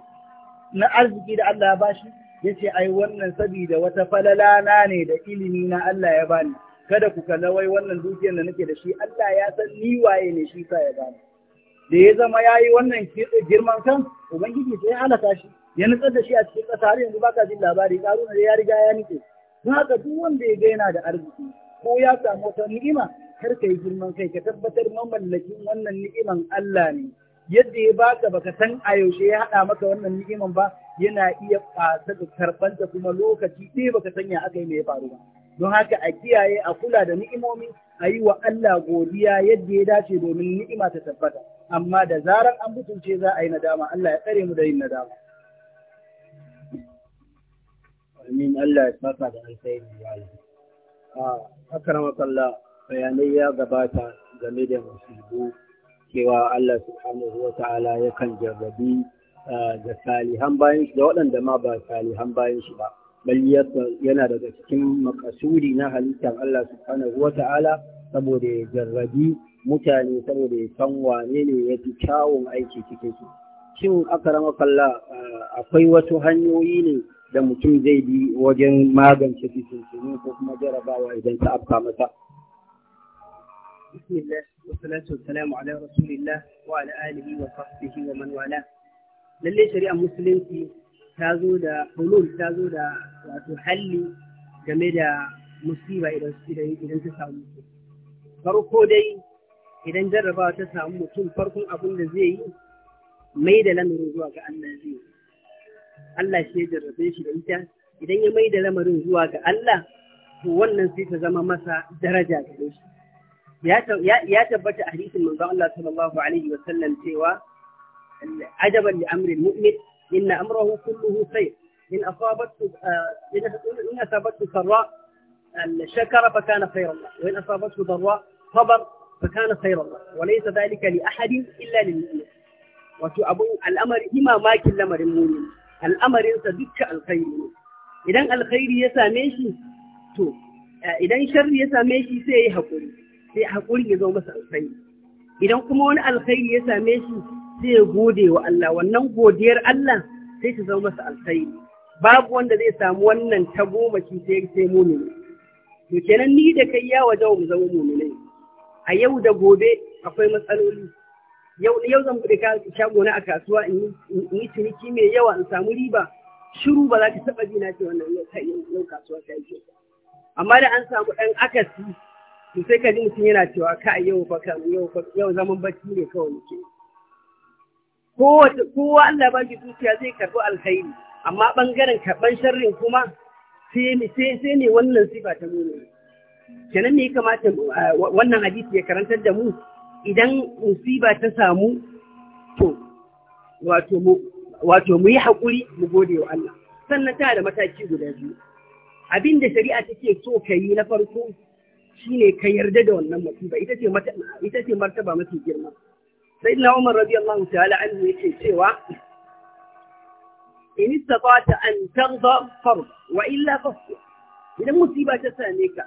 na arziki da Allah ya bashi yace ai wannan saboda wata falala na ne da ilimi na Allah ya bani kada ku kalla wai wannan dukiyar da nake da shi Allah ya san ni waye ne shi sa ya bani da ya zama yayi wannan girman kan ubangiji sai ya halaka shi ya nutsar da shi a cikin ƙasa har yanzu baka jin labari karuna da ya riga ya nike don haka duk wanda ya gaina da arziki ko ya samu wata ni'ima kar ka yi girman kai ka tabbatar mamallakin wannan ni'iman Allah ne yadda ya baka baka san a yaushe ya haɗa maka wannan ni'iman ba yana iya fasa da karɓanta kuma lokaci ɗaya baka sanya aka yi mai faru ba don haka a kiyaye a kula da ni'imomi a yi wa Allah godiya yadda ya dace domin ni'ima ta tabbata amma da zarar an mutunce za a yi nadama Allah ya tsare mu da yin nadama amin Allah ya saka da an sai a ah, akramakallah bayanai ya gabata game da musibu cewa Allah subhanahu wa ta'ala yakan jarrabi da salihan bayan shi da waɗanda ma ba salihan bayan shi ba bal yana daga cikin makasuri na halittar Allah subhanahu wa ta'ala saboda ya jarrabi mutane saboda ya san wane ne ya fi kyawun aiki cikin su shin aka rama kalla akwai wasu hanyoyi ne da mutum zai bi wajen magance fitintunu ko kuma jarabawa idan ta afka masa بسم الله والصلاة والسلام على رسول الله وعلى آله وصحبه ومن والاه shari'ar musulunci ta zo da hulul da wato halli game da musiba idan idan jarrabawa ta samu mutum farkon abin da zai yi mai da lamarin zuwa ya jarrabe shi da ita idan ya mai da lamarin zuwa ga Allah to wannan sai ta zama masa daraja gare shi ya tabbata a hadisin manzo Allah sallallahu alaihi wa sallam cewa ajaban li amri almu'min inna amrahu kulluhu khair in asabathu in asabathu sarra shakara fa kana khayran wa in asabathu darra sabar fa kana khayran وليس ذلك لأحد إلا للمؤمن wato abun al'amari ima makin lamarin muni al'amarinsa dukkan alkhairi ne idan alkhairi ya same shi to idan sharri ya same shi sai ya yi haƙuri sai hakuri ya zama masa alkhairi idan kuma wani alkhairi ya same shi sai ya gode wa Allah wannan godiyar Allah sai ta zama masa alkhairi babu wanda zai samu wannan tagomaci sai sai mumini to kenan ni da kai ya waje mu zama mumini a yau da gobe akwai matsaloli yau yau zan bude shago na a kasuwa in yi ciniki mai yawa in samu riba shiru ba za ka taɓa ji na ce wannan yau kasuwa ta yi amma da an samu ɗan akasi to sai ka ji mutum yana cewa ka yau yau zaman bacci ne kawai muke kowa Allah ba zuciya zai karbi alkhairi amma bangaren karban sharrin kuma sai ne sai sai ne wannan sifa ta mu kenan ne kamata eh, wannan hadisi ya karantar da mu idan musiba ta samu to wato mu wato mu yi haƙuri mu gode wa Allah sannan ta da mataki guda biyu abinda shari'a take so ka yi na farko Shi ne ka yarda da wannan musiba ita ce ita ce martaba mafi girma sai na Umar radiyallahu ta'ala anhu yake cewa in istata an tarda farb wa illa fasfa idan musiba ta same ka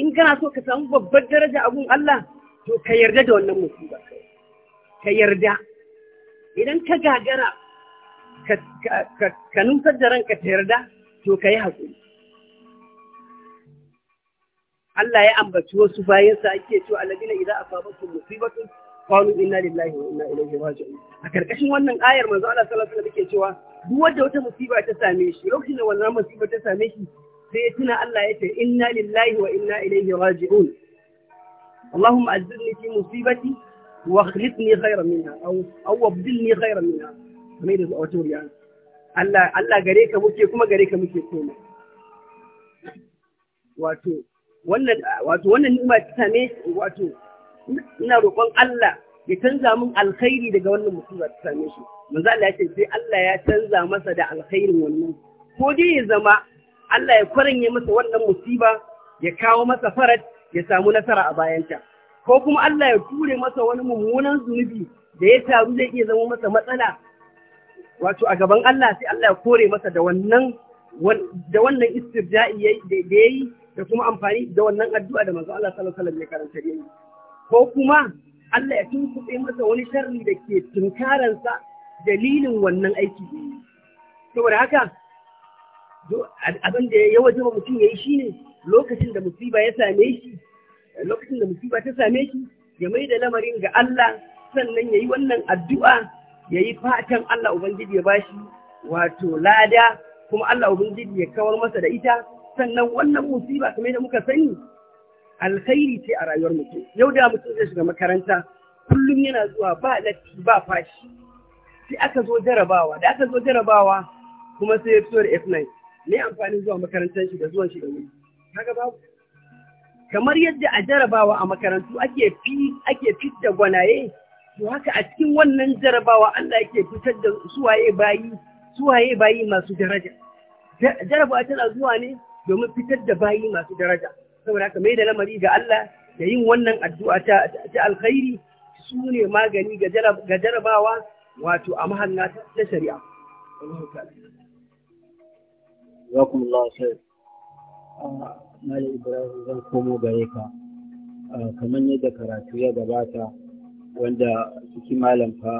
in kana so ka samu babbar daraja a gun Allah to ka yarda da wannan musiba ka yarda idan ka gagara ka nusar da ranka ta yarda to ka yi haƙuri Allah ya ambaci wasu bayansa ake cewa alladina idza asabatkum musibatun qalu inna lillahi wa inna ilaihi raji'un a karkashin wannan ayar manzo Allah sallallahu alaihi wasallam yake cewa duk wanda wata musiba ta same shi lokacin da wannan musiba ta same shi sai ya tuna Allah ya ce inna lillahi wa inna ilaihi raji'un اللهم أجرني في مصيبتي واخلطني خيرا منها أو أو أبدلني خيرا منها kamar da wato ya Allah Allah gare ka muke kuma gare ka muke wato wannan ni'ima ta same shi wato ina roƙon Allah ya canza min alkhairi daga wannan musiba ta same shi manzo Allah ya ce sai Allah ya canza masa da alkhairin wannan ko dai ya zama Allah ya kwaranye masa wannan musiba ya kawo masa farat ya samu nasara a bayanta ko kuma Allah ya ture masa wani mummunan zunubi da ya taru zai iya zama masa matsala wato a gaban Allah sai Allah ya kore masa da wannan da wannan istirja'i da yayi da kuma amfani da wannan addu'a da manzo Allah sallallahu alaihi ya karanta ne ko kuma Allah ya tunkuɗe masa wani sharri da ke tunkaransa dalilin wannan aiki saboda haka abin da ya waje wa mutum ya yi shi ne lokacin da musiba ya same shi lokacin da musiba ta same shi ya mai da lamarin ga Allah sannan ya yi wannan addu'a ya yi fatan Allah Ubangiji ya bashi wato lada kuma Allah Ubangiji ya kawar masa da ita sannan wannan musiba kamar da muka sani alkhairi ce a rayuwar mutum yau da mutum zai shiga makaranta kullum yana zuwa ba latti ba fashi sai aka zo jarabawa da aka zo jarabawa kuma sai ya fito da F9 me amfanin zuwa makarantar shi da zuwan shi da wuri kaga babu kamar yadda a jarabawa a makarantu ake fi ake fitta gwanaye to haka a cikin wannan jarabawa Allah yake fitar da suwaye bayi suwaye bayi masu daraja jarabawa tana zuwa ne domin fitar da bayi masu daraja saboda haka mai da lamari ga Allah da yin wannan addu'a ta alkhairi su ne magani ga jarabawa wato a mahalla ta shari'a ah, Malam Ibrahim zan komo gare ka ah, kamar yadda karatu ya gabata wanda cikin malam fa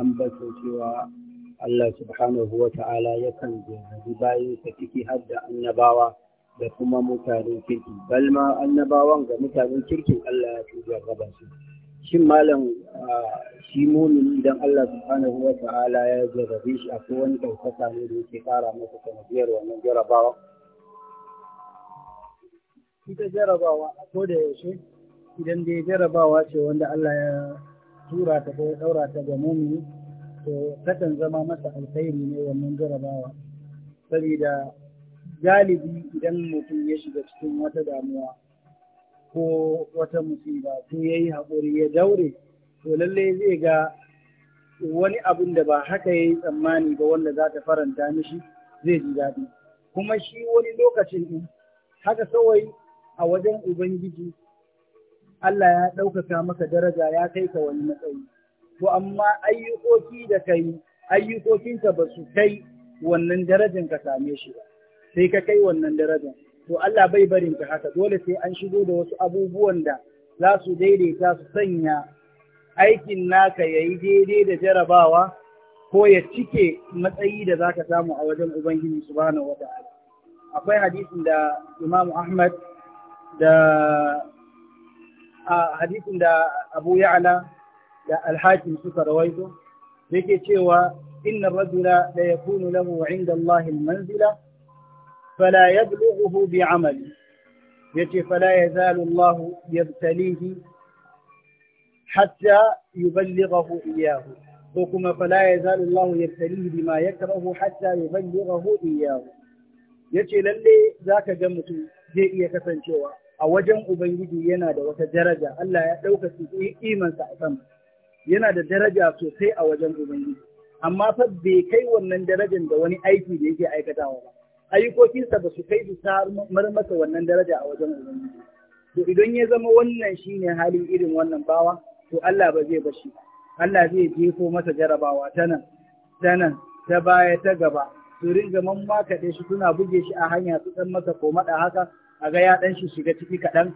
an bato cewa Allah subhanahu wa ta'ala yakan zai bayinsa ciki har da annabawa da kuma mutanen kirki balma annabawan ga mutanen kirkin Allah ya fi jarraba su shin malam shi munin idan Allah subhanahu wa ta'ala ya zarrabe shi a wani ɗaukaka ne da yake ƙara masa sanadiyar wannan jarabawa? ita jarabawa a ko da yaushe idan dai jarabawa ce wanda Allah ya tura ta ko ya ɗaura ta ga mumini to katan zama masa alkhairi ne wannan jarabawa saboda galibi idan mutum ya shiga cikin wata damuwa ko wata musiba ko ya yi haƙuri ya daure to lallai zai ga wani abin da ba haka ya yi tsammani ga wanda za ta faranta mishi zai ji daɗi kuma shi wani lokacin ɗin haka kawai a wajen ubangiji Allah ya ɗaukaka maka daraja ya kai ka wani matsayi to amma ayyukoki da kai ayyukokinka ba su kai wannan darajar ka same shi ba sai ka kai wannan darajar to Allah bai barin ka haka dole sai an shigo da wasu abubuwan da za su daidaita su sanya aikin naka yayi daidai da jarabawa ko ya cike matsayi da za ka samu a wajen Ubangiji subhanahu wata'ala akwai hadisin da Imam Ahmad da hadisin da Abu Ya'ala. da alhakim suka rawaito yake cewa inna rajula la yakunu lahu inda Allah almanzila fala yablughuhu bi amali yace fala yazalu Allah yabtalihi hatta yuballighahu iyahu ko kuma fala yazalu Allah ma bima yakrahu hatta yuballighahu iyyahu yace lalle zaka ga mutum zai iya kasancewa a wajen Ubangiji yana da wata daraja Allah ya ɗauka su imansa a sama. yana da daraja sosai a wajen Ubangiji. Amma fa bai kai wannan darajar da wani aiki da yake aikatawa ba. Ayyukokinsa ba su kai su samar wannan daraja a wajen Ubangiji. To idan ya zama wannan shine halin irin wannan bawa, to Allah ba zai bashi. Allah zai jefo masa jarabawa ta nan, ta nan, ta baya, ta gaba. Su ringa mamma shi suna buge shi a hanya su ɗan masa komaɗa haka, a ga ya ɗan shi shiga ciki kaɗan,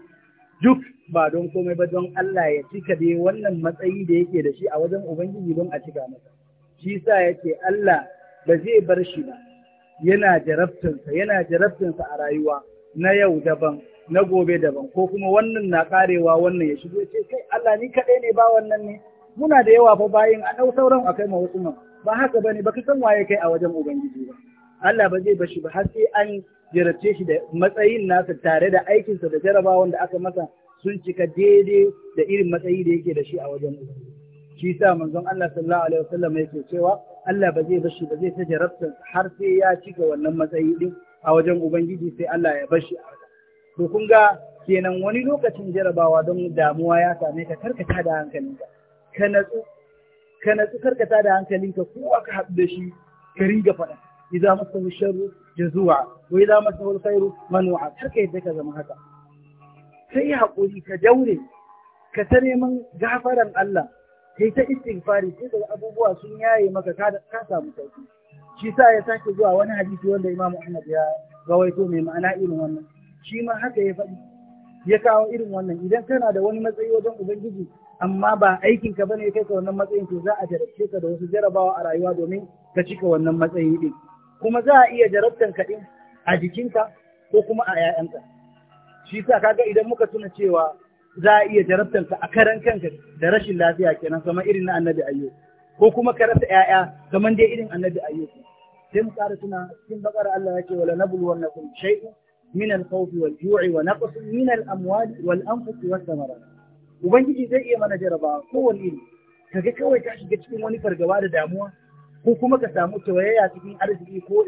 duk ba don komai ba don Allah ya cika dai wannan matsayi da yake da shi a wajen Ubangiji don a cika masa. Shi sa yake Allah ba zai bar shi ba, yana jarabtinsa, yana jarabtinsa a rayuwa na yau daban, na gobe daban, ko kuma wannan na karewa wannan ya shigo ce kai Allah ni kaɗai ne ba wannan ne. Muna da yawa fa bayin a ɗau sauran a kai ma wasu ba haka ba ne, ba ka san waye kai a wajen Ubangiji ba. Allah ba zai bar shi ba har sai an jarabce shi da matsayin nasa tare da aikinsa da jarabawan da aka masa sun cika daidai da irin matsayi da yake da shi a wajen Shi sa manzon Allah sallallahu alaihi wasallam yake cewa Allah ba zai bashi ba zai ta jarabta har sai ya cika wannan matsayi din a wajen Ubangiji sai Allah ya bashi a wajen. To kun ga kenan wani lokacin jarabawa don damuwa ya same ka karkata da hankalinka. Ka natsu ka natsu karkata da hankalinka kowa ka haɗu da shi ka ringa faɗa. Iza masa sharru juzua wa idza masahu alkhairu manua ka zama haka sai hakuri ka daure ka ta neman gafaran Allah kai ta istighfari sai daga abubuwa sun yaye maka ka samu sauki shi sa ya sake zuwa wani hadisi wanda Imam Ahmad ya rawaito mai ma'ana irin wannan shi ma haka ya faɗi ya kawo irin wannan idan kana da wani matsayi wajen ubangiji amma ba aikin ka bane kai ka wannan matsayin to za a jarabce ka da wasu jarabawa a rayuwa domin ka cika wannan matsayi din kuma za a iya jarabtan ka a jikinka ko kuma a ƴaƴanka shi sa kaga idan muka tuna cewa za a iya jarabtan ka a karan kanka da rashin lafiya kenan kamar irin na annabi ayyo ko kuma ka rasa ƴaƴa kamar dai irin annabi ayyo sai mu ƙara tuna cikin bakar Allah yake wala nabluwannakum shay'un min al-khawfi wal-ju'i wa naqsin min al-amwali wal-anfusi was-samarat ubangiji zai iya mana jarabawa kowanne iri kaga kawai ka shiga cikin wani fargaba da damuwa ko kuma ka samu tawayaya cikin arziki ko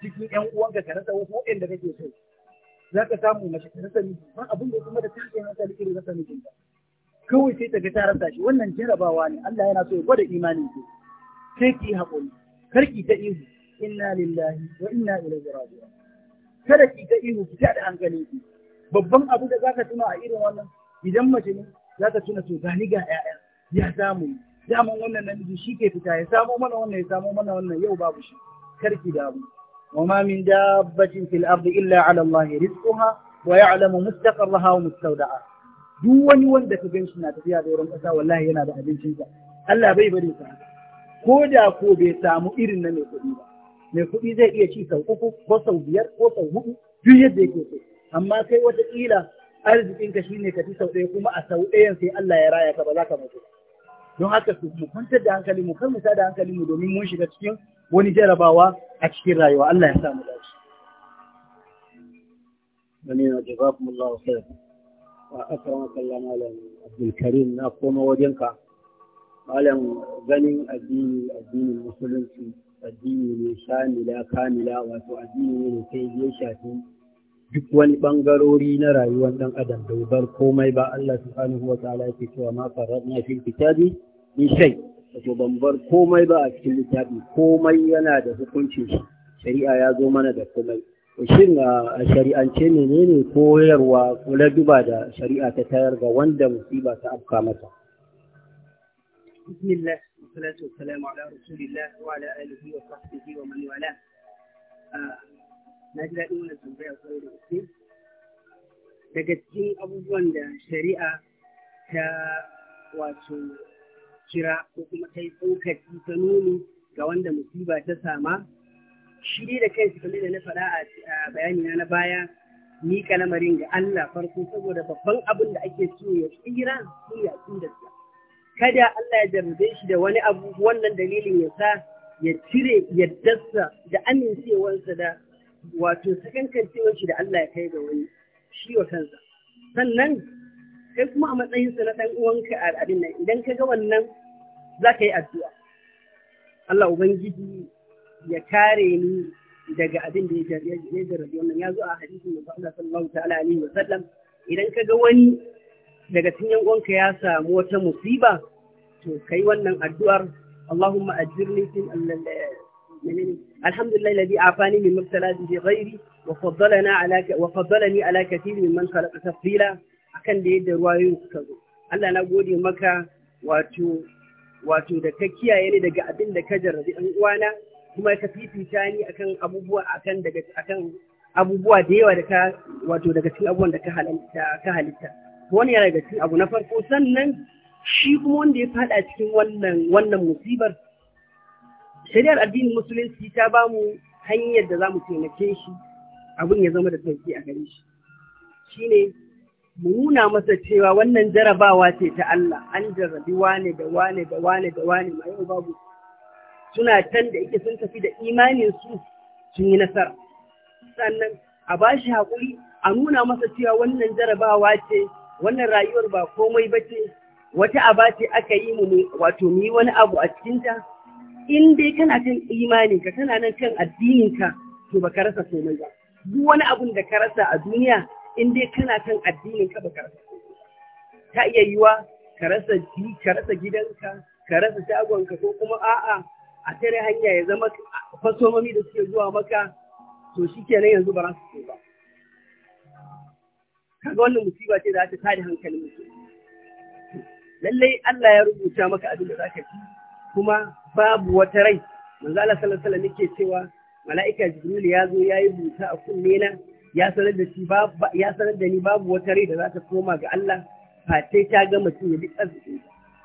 cikin ƴan uwanka ka rasa wasu waɗanda kake so za ka samu mace ka rasa miji ba abin da kuma da tashin hankali irin rasa mijinta kawai sai ta ga ta rasa shi wannan jarabawa ne Allah yana so ya gwada imanin ki sai ki haƙuri kar ki ta ihu inna lillahi wa inna ilaihi raji'un kada ki ta ihu ki da hankali ki babban abu da zaka tuna a irin wannan idan mace ne za ta tuna to gani ga 'ya'ya ya samu daman wannan namiji shi ke fita ya samo mana wannan ya samo mana wannan yau babu shi karki da abu Wama min dabbatin fil ardi illa ala Allah rizquha wa ya'lamu mustaqarraha wa mustawda'a duk wani wanda ka ganshi na tafiya da wurin kasa wallahi yana da abincin sa Allah bai bari sa ko da ko bai samu irin na mai kuɗi ba mai kuɗi zai iya ci sau uku ko sau biyar ko sau hudu duk yadda yake so amma kai wata ƙila arzikinka shine ka ci sau ɗaya kuma a sau ɗayan sai Allah ya raya ka ba za ka mutu ba don haka mu kwantar da hankali mu kalmuta da hankali mu domin mun shiga cikin wani jarabawa a cikin rayuwa Allah ya sa mu dace Amina jazakum Allah khair wa akramaka Allah malam Abdul Karim na koma wajenka malam ganin addini addinin musulunci addini ne shamila kamila wato addini ne sai ya shafi duk wani bangarori na rayuwar dan adam da bar komai ba Allah subhanahu wa ta'ala yake cewa ma farradna fil kitabi min shay to ban bar komai ba a cikin littafi komai yana da hukuncin shi shari'a ya zo mana da komai shin a shari'ance menene koyarwa ko duba da shari'a ta tayar ga wanda musiba ta afka masa bismillah salatu wassalamu ala rasulillah wa ala alihi wa sahbihi wa man wala na daɗin wannan tambaya da daga cikin abubuwan da shari'a ta wato kira ko kuma ta yi tsokaci ta nuni ga wanda musiba ta sama shi dai da kansu kamar da na faɗa a bayanina na baya ni lamarin ga Allah farko saboda babban abin da ake so ya tsira su ya tsira kada Allah ya jarrabe shi da wani abu wannan dalilin ya sa ya cire yaddarsa da amincewarsa da wato sakankancewar shi da Allah ya kai ga wani shi wa kansa sannan kai kuma a matsayinsa na ɗan uwanka a abin nan idan ka ga wannan za ka yi addu'a Allah ubangiji ya kare ni daga abin da ya jarabi wannan ya zo a hadisin ba Allah sallallahu ta'ala alaihi wa sallam idan ka ga wani daga cikin uwanka ya samu wata musiba to kai wannan addu'ar Allahumma ajirni min الحمد لله الذي عافاني من ابتلى به غيري وفضلنا على ك... وفضلني على كثير من من خلق تفضيلا akan da yadda ruwayoyin suka zo Allah na gode maka wato wato da ka kiyaye ni daga abin da ka jarrabi ɗan uwana kuma ka fifita ni akan abubuwa akan daga akan abubuwa da yawa da ka wato daga cikin abubuwan da ka halitta ka halitta wani yana daga cikin abu na farko sannan shi kuma wanda ya fada cikin wannan wannan musibar shari'ar addinin musulunci ta ba mu hanyar da za mu taimake shi abin ya zama da sauki a gare shi shine mu nuna masa cewa wannan jarabawa ce ta Allah an jarabi wane da wane da wane da wane ma yau babu suna can da yake sun tafi da imanin su sun yi nasara sannan a ba shi haƙuri a nuna masa cewa wannan jarabawa ce wannan rayuwar ba komai ba ce wata aba ce aka yi mu wato mu yi wani abu a cikinta in dai kana kan imani ka tana nan kan addinin ka to baka rasa komai ba duk wani abun da ka rasa a duniya in dai kana kan addinin ka baka rasa ta iya yiwa ka rasa ji ka rasa gidanka ka rasa shagonka ko kuma a'a a tare hanya ya zama fasomomi da suke zuwa maka to shi yanzu ba za su ba kaga wannan musiba ce da ta tada hankalin mutum lallai Allah ya rubuta maka abin da zaka ji kuma babu wata rai manzo Allah sallallahu alaihi yake cewa mala'ika jibril ya zo yayi buta a kunne na ya sanar da shi ya sanar da ni babu wata rai da za ta koma ga Allah face ta ga mutum ya duk arziki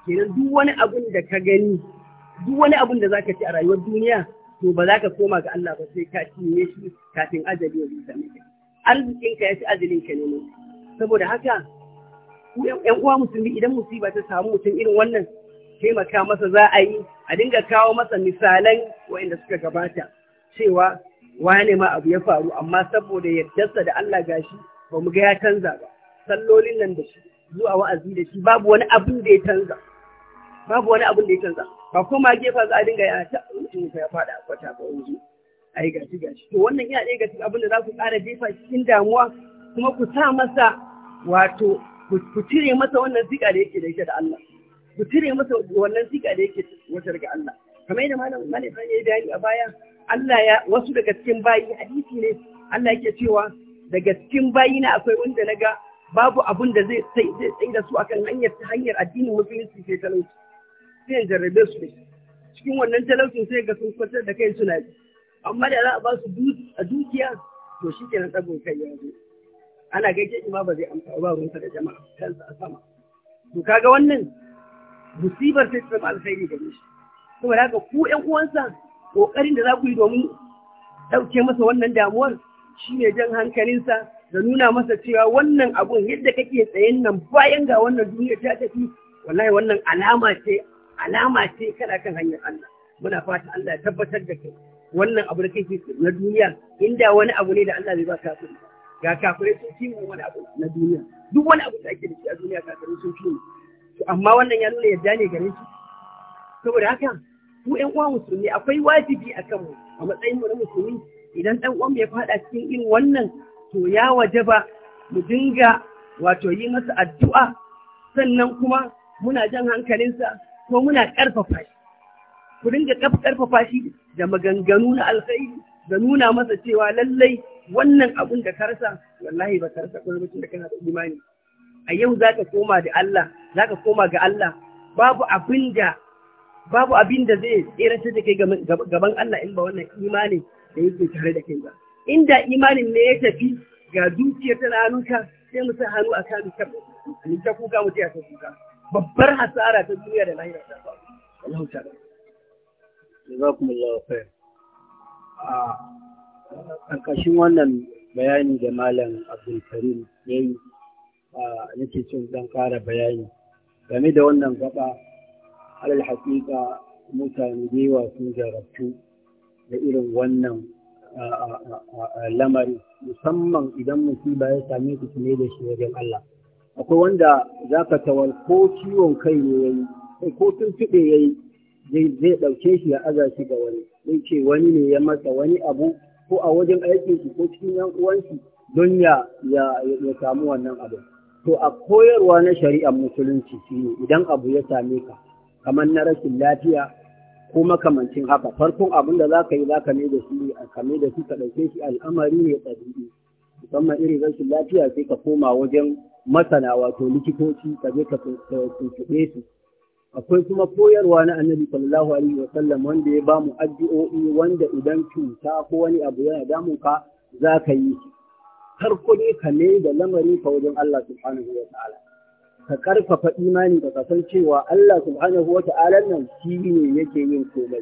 kenan duk wani abun da ka gani duk wani abun da zaka ci a rayuwar duniya to ba za ka koma ga Allah ba sai ka cinye shi kafin ajali ya zo arzikin ka ya ci ajalin ka ne saboda haka ku ƴan uwa musulmi idan musiba ta samu mutum irin wannan taimaka masa za a yi a dinga kawo masa misalan waɗanda suka gabata cewa wane ma abu ya faru amma saboda yardarsa da Allah gashi ba mu ga ya canza ba sallolin nan da shi zuwa wa'azi da shi babu wani abin da ya canza babu wani abin da ya canza ba koma gefa za a dinga ya ta mutum ya fada a kwata ba yanzu yi gashi gashi to wannan yana ɗaya cikin abin da za ku ƙara jefa cikin damuwa kuma ku sa masa wato ku cire masa wannan zika da yake da shi da Allah ku cire masa wannan sika da yake wata daga Allah kamar yadda malam malam ya yi bayani a baya Allah ya wasu daga cikin bayi hadisi ne Allah yake cewa daga cikin bayi na akwai wanda na ga babu abun da zai sai zai da su akan hanyar ta hanyar addinin musulunci sai talauci sai jarrabe su ne cikin wannan talaucin sai ga sun kwatar da kai suna ji amma da za a ba su dukiya to shi kenan tsabon kai ya zo ana gaishe ma ba zai amsa ba ruwansa da jama'a kansa a sama to kaga wannan musibar sai ta alkhairi gare shi saboda haka ku ƴan uwansa ƙoƙarin da za ku yi domin ɗauke masa wannan damuwar shine jan hankalinsa da nuna masa cewa wannan abun yadda kake tsayen nan bayan ga wannan duniya ta tafi wallahi wannan alama ce alama ce kana kan hanyar Allah muna fata Allah ya tabbatar da kai wannan abu da kake na duniya inda wani abu ne da Allah zai ba ka su ga kafirai sun fi wani abu na duniya duk wani abu da ake da shi a duniya kafirai sun fi amma wannan ya nuna yadda ne gare shi saboda haka ku ƴan uwa musulmi akwai wajibi a kanmu a matsayin mu na musulmi idan ɗan uwan ya faɗa cikin irin wannan to ya wajaba mu dinga wato yi masa addu'a sannan kuma muna jan hankalinsa ko muna ƙarfafa shi ku dinga ƙarfafa shi da maganganu na alkhairi da nuna masa cewa lallai wannan abun da karsa wallahi ba karsa ko da kana da imani a yau za ka koma da Allah za ka koma ga Allah babu abin da babu abin da zai tsirata da kai gaban Allah in ba wannan imanin da yake tare da kai ba inda imanin ne ya tafi ga zuciya ta ranuka, sai mu sa hannu a kan ka a ta kuka mu ta kuka babbar hasara ta duniya da lahira ta ba Allah ta wa khair a ƙarƙashin wannan bayani da malam Abdul Karim yi. nake cin dan ƙara bayani game da wannan gaba alal haƙiƙa mutane da yawa sun jarabtu da irin wannan lamari musamman idan musiba ya same ku ne da shi wajen Allah akwai wanda za ka tawar ko ciwon kai ne ya yi ko tuntuɓe ya yi zai ɗauke shi ya aza shi ga wani zai ce wani ne ya matsa wani abu ko a wajen aikinsu ko cikin yan uwansu don ya samu wannan abu. To a koyarwa na shari'ar musulunci shine idan abu ya same ka, kamar na rashin lafiya ko makamancin haka, farkon abin da za ka yi za ka mai da shi a kame da shi ka ɗauke shi al'amari ne ɗabi'i. Musamman irin rashin lafiya sai ka koma wajen masana wato likitoci ka je ka tuntuɓe su. Akwai kuma koyarwa na annabi sallallahu alaihi wa sallam wanda ya bamu addu'o'i wanda idan cuta ko wani abu yana damun ka za ka yi shi. farko ne ka ne da lamari ka wajen Allah subhanahu wa ta'ala ka karfafa imani da kasan cewa Allah subhanahu wa ta'ala nan shi ne yake yin komai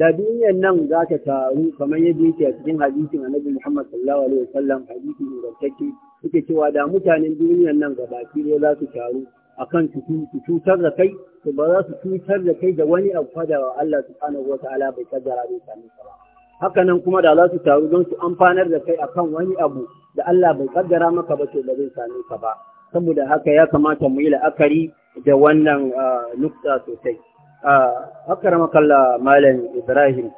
da duniyar nan za ta taru kamar yadda yake a cikin hadisin annabi Muhammad sallallahu alaihi wasallam hadisi ne da take yake cewa da mutanen duniyar nan gabaki ne za su taru akan su cutar da kai to ba za su cutar da kai da wani abu da Allah subhanahu wa ta'ala bai kaddara da sami ba haka nan kuma da za su taru don su amfanar da kai akan wani abu da Allah bai kaddara maka ba to ba zai same ka ba saboda haka ya kamata mu yi la'akari da wannan ah, nukta sosai ah, haka ramakalla malam ibrahim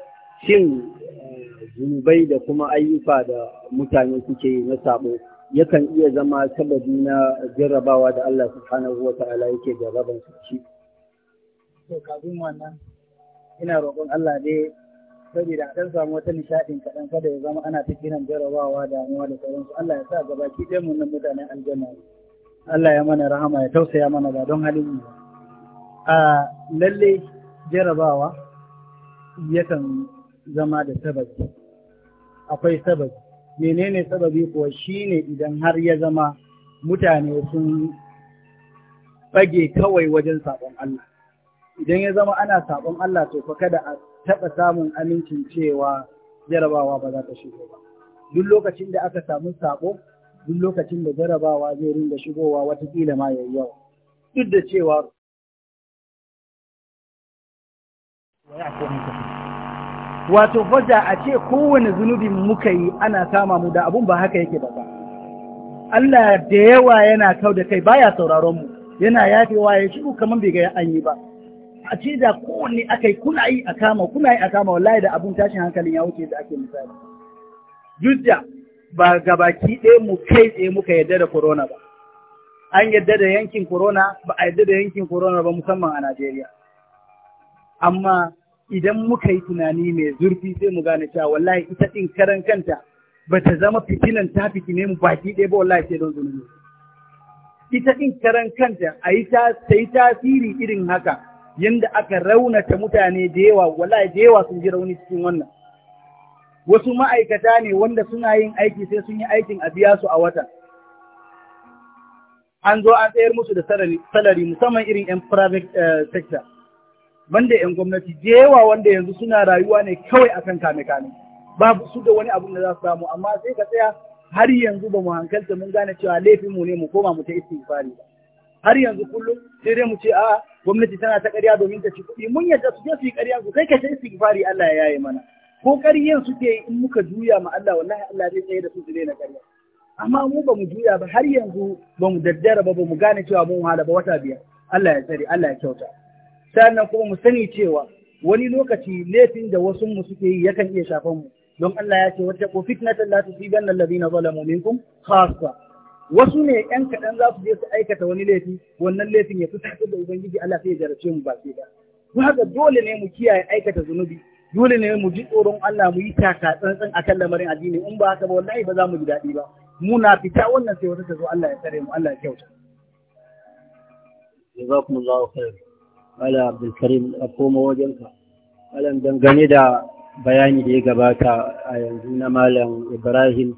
shin eh, zunubai da kuma ayyuka da mutane suke na sabo yakan iya zama sababi na jarrabawa da Allah subhanahu wa yake jarraban su To kafin wannan ina roƙon Allah dai saboda a ɗan samu wata nishaɗin kaɗan kada ya zama ana ta kiran jarabawa damuwa da sauransu Allah ya sa gaba ki ɗaya mun nan mutanen aljanna Allah ya mana rahama ya tausaya mana ba don halin mu a lalle jarabawa yakan zama da sababi akwai sababi menene sababi kuwa shine idan har ya zama mutane sun bage kawai wajen saƙon Allah idan ya zama ana saƙon Allah to fa kada a taɓa samun amincin cewa jarabawa ba za ta shigo ba duk lokacin da aka samu saƙo, duk lokacin da jarabawa zai ringa shigowa watakila ma yayi yawa duk da cewa wato faja a ce kowane zunubin muka yi ana kama mu da abun ba haka yake ba ba Allah da yawa yana kau da kai baya sauraron mu yana yafewa ya shigo kamar bai ga an yi ba a ce da kowanne aka yi kuna yi a kama kuna yi a kama wallahi da abun tashin hankalin ya wuce da ake misali Jujja ba ga baki ɗaya mu kai tsaye muka yadda da corona ba an yadda da yankin corona ba a yadda da yankin corona ba musamman a Najeriya amma idan muka yi tunani mai zurfi sai mu gane cewa wallahi ita ɗin karan kanta ba ta zama fitinan ta fitine mu baki ɗaya ba wallahi sai don zunubi ita ɗin karan kanta a yi tasiri irin haka yanda aka raunata mutane da yawa wallahi da yawa sun ji rauni cikin wannan wasu ma'aikata ne wanda suna yin aiki sai sun yi aikin a biya su a wata an zo an tsayar musu da salari musamman irin 'yan private eh, sector banda 'yan gwamnati da yawa wanda yanzu suna rayuwa ne kawai akan kame-kame babu su da wani abu da za su samu amma sai ka tsaya har yanzu ba mu hankalta mun gane cewa laifin mu ne mu koma mu ta ba. har yanzu kullum sai dai mu ce a'a. gwamnati tana ta ƙarya domin ta ci kuɗi mun yadda su je su yi ƙarya su kai ka su fari. Allah ya yaye mana ko ƙaryen suke yi in muka juya ma Allah wallahi Allah zai tsaye da su su daina ƙarya amma mu ba mu juya ba har yanzu ba mu daddara ba ba mu gane cewa mun wahala ba wata biyar Allah ya tsare Allah ya kyauta sannan kuma mu sani cewa wani lokaci laifin da wasu mu suke yi yakan iya shafan mu don Allah ya ce wata ko fitnatan la tusibanna alladhina zalamu minkum khassa wasu ne ‘yan kaɗan za su je su aikata wani laifi wannan laifin ya fuskantar da Ubangiji Allah sai ya jarace mu ba sai ba. Ku haka dole ne mu kiyaye aikata zunubi, dole ne mu ji tsoron Allah mu yi taka tsantsan a kan lamarin addini in ba haka ba wallahi ba za mu ji daɗi ba. Mu na fita wannan sai wata ta zo Allah ya tsare mu Allah ya kyauta. Jazakumullahu khair. Allah Abdul Karim a koma wajenka. Allah dangane da bayani da ya gabata a yanzu na Malam Ibrahim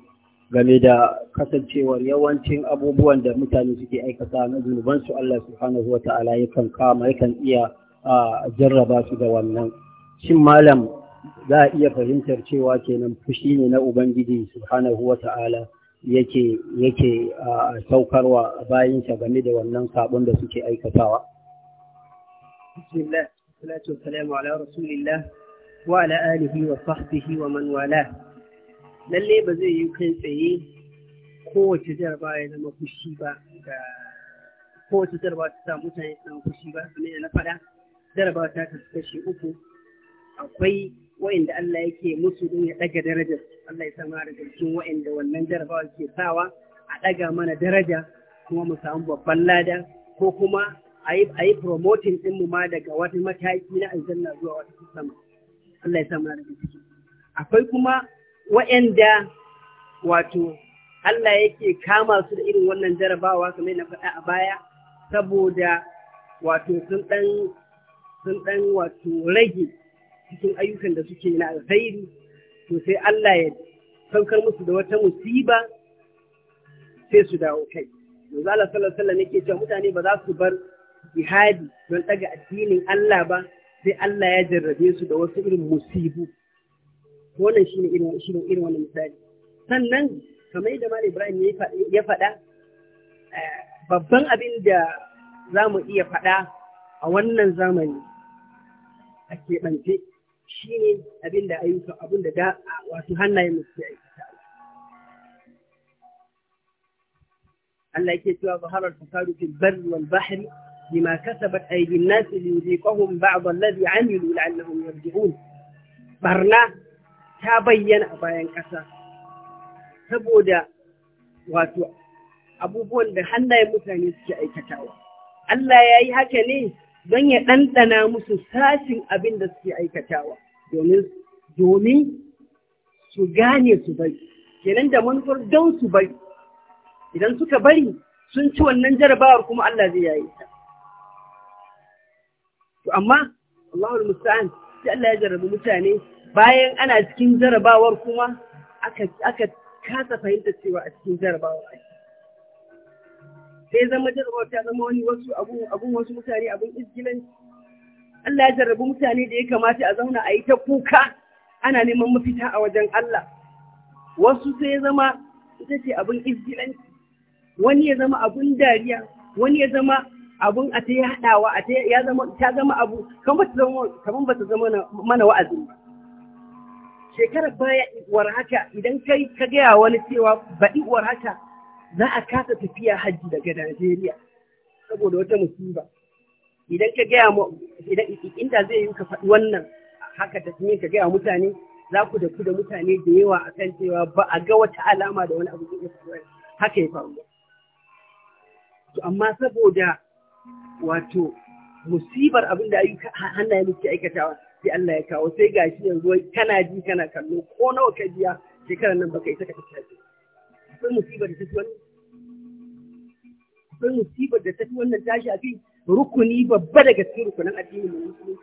game da kasancewar yawancin abubuwan da mutane suke aikata na zunubansu Allah subhanahu wa ta'ala yakan kama yakan iya jarraba su da wannan shin malam za a iya fahimtar cewa kenan fushi ne na ubangiji subhanahu wa ta'ala yake yake saukarwa bayinsa game da wannan sabon da suke aikatawa bismillah salatu wassalamu ala rasulillah wa ala alihi wa sahbihi wa man walah lalle ba zai yi kai tsaye kowace jarba ya zama fushi ba ga kowace jarba ta sa mutane ya zama fushi ba kamar yana faɗa jarba ta kasu kashi uku akwai wa'inda Allah yake musu don ya ɗaga darajar Allah ya sama da garkin wa'inda wannan jarabawa ke sawa a ɗaga mana daraja kuma mu samu babban lada ko kuma a yi promoting ɗin mu ma daga wata mataki na aljanna zuwa wata sama Allah ya sama da ciki akwai kuma waɗanda wato Allah yake kama su da irin wannan jarabawa kamar na faɗa a baya saboda wato sun ɗan sun ɗan wato rage cikin ayyukan da suke na alkhairi to sai Allah ya saukar musu da wata musiba sai su dawo kai yanzu Allah sallallahu alaihi yake cewa mutane ba za su bar jihadi don ɗaga addinin Allah ba sai Allah ya jarrabe su da wasu irin musibu wannan shine irin shine irin wannan misali sannan kamar yadda Malam Ibrahim ya faɗa babban abin da za mu iya faɗa a wannan zamani a keɓance shi ne abin da ayyuka abin da da wasu hannayen musu aikata Allah yake cewa al fasadu fil barri wal bahri bima kasabat aydin nas li yuziqahum ba'd alladhi 'amilu la'allahum yarji'un barna ta bayyana a bayan ƙasa saboda wato abubuwan da hannayen mutane suke aikatawa. Allah ya yi haka ne don ya ɗanɗana musu sashin abin da suke aikatawa domin su gane su bari, kenan da manufar don su bari. Idan suka bari sun ci wannan jarabawar kuma Allah zai yayi ta. To amma, Allahul Musta'an, sai Allah ya jarabi mutane bayan ana cikin jarabawar kuma aka kasa fahimta cewa a cikin jarabawar ake sai zama jarabawar ta zama wani wasu abun wasu mutane abun izgilan Allah ya jarrabu mutane da ya kamata a zauna a yi ta kuka ana neman mafita a wajen Allah wasu sai ya zama ita ce abun izgilan wani ya zama abun dariya wani ya zama abun a ta yaɗawa a ta zama ta zama abu kamar ba ta zama mana wa'azin ba Shekara baya war haka idan kai ka gaya wani cewa ba war haka za a kasa tafiya hajji daga Najeriya saboda wata musiba idan ka gaya idan inda zai yi ka faɗi wannan haka ta ka gaya mutane za ku da ku da mutane da yawa a kan cewa ba a ga wata alama da wani abu zai faruwa. haka ya faru to amma saboda wato musibar abin da hannayen muke aikatawa sai Allah ya kawo sai gashi yanzu kana ji kana kallo ko nawa ka biya shekarar nan baka yi ta kafa tafi akwai musibar da tafi wannan akwai musibar da tafi wannan tashi a kai rukuni babba daga cikin rukunin addinin musulunci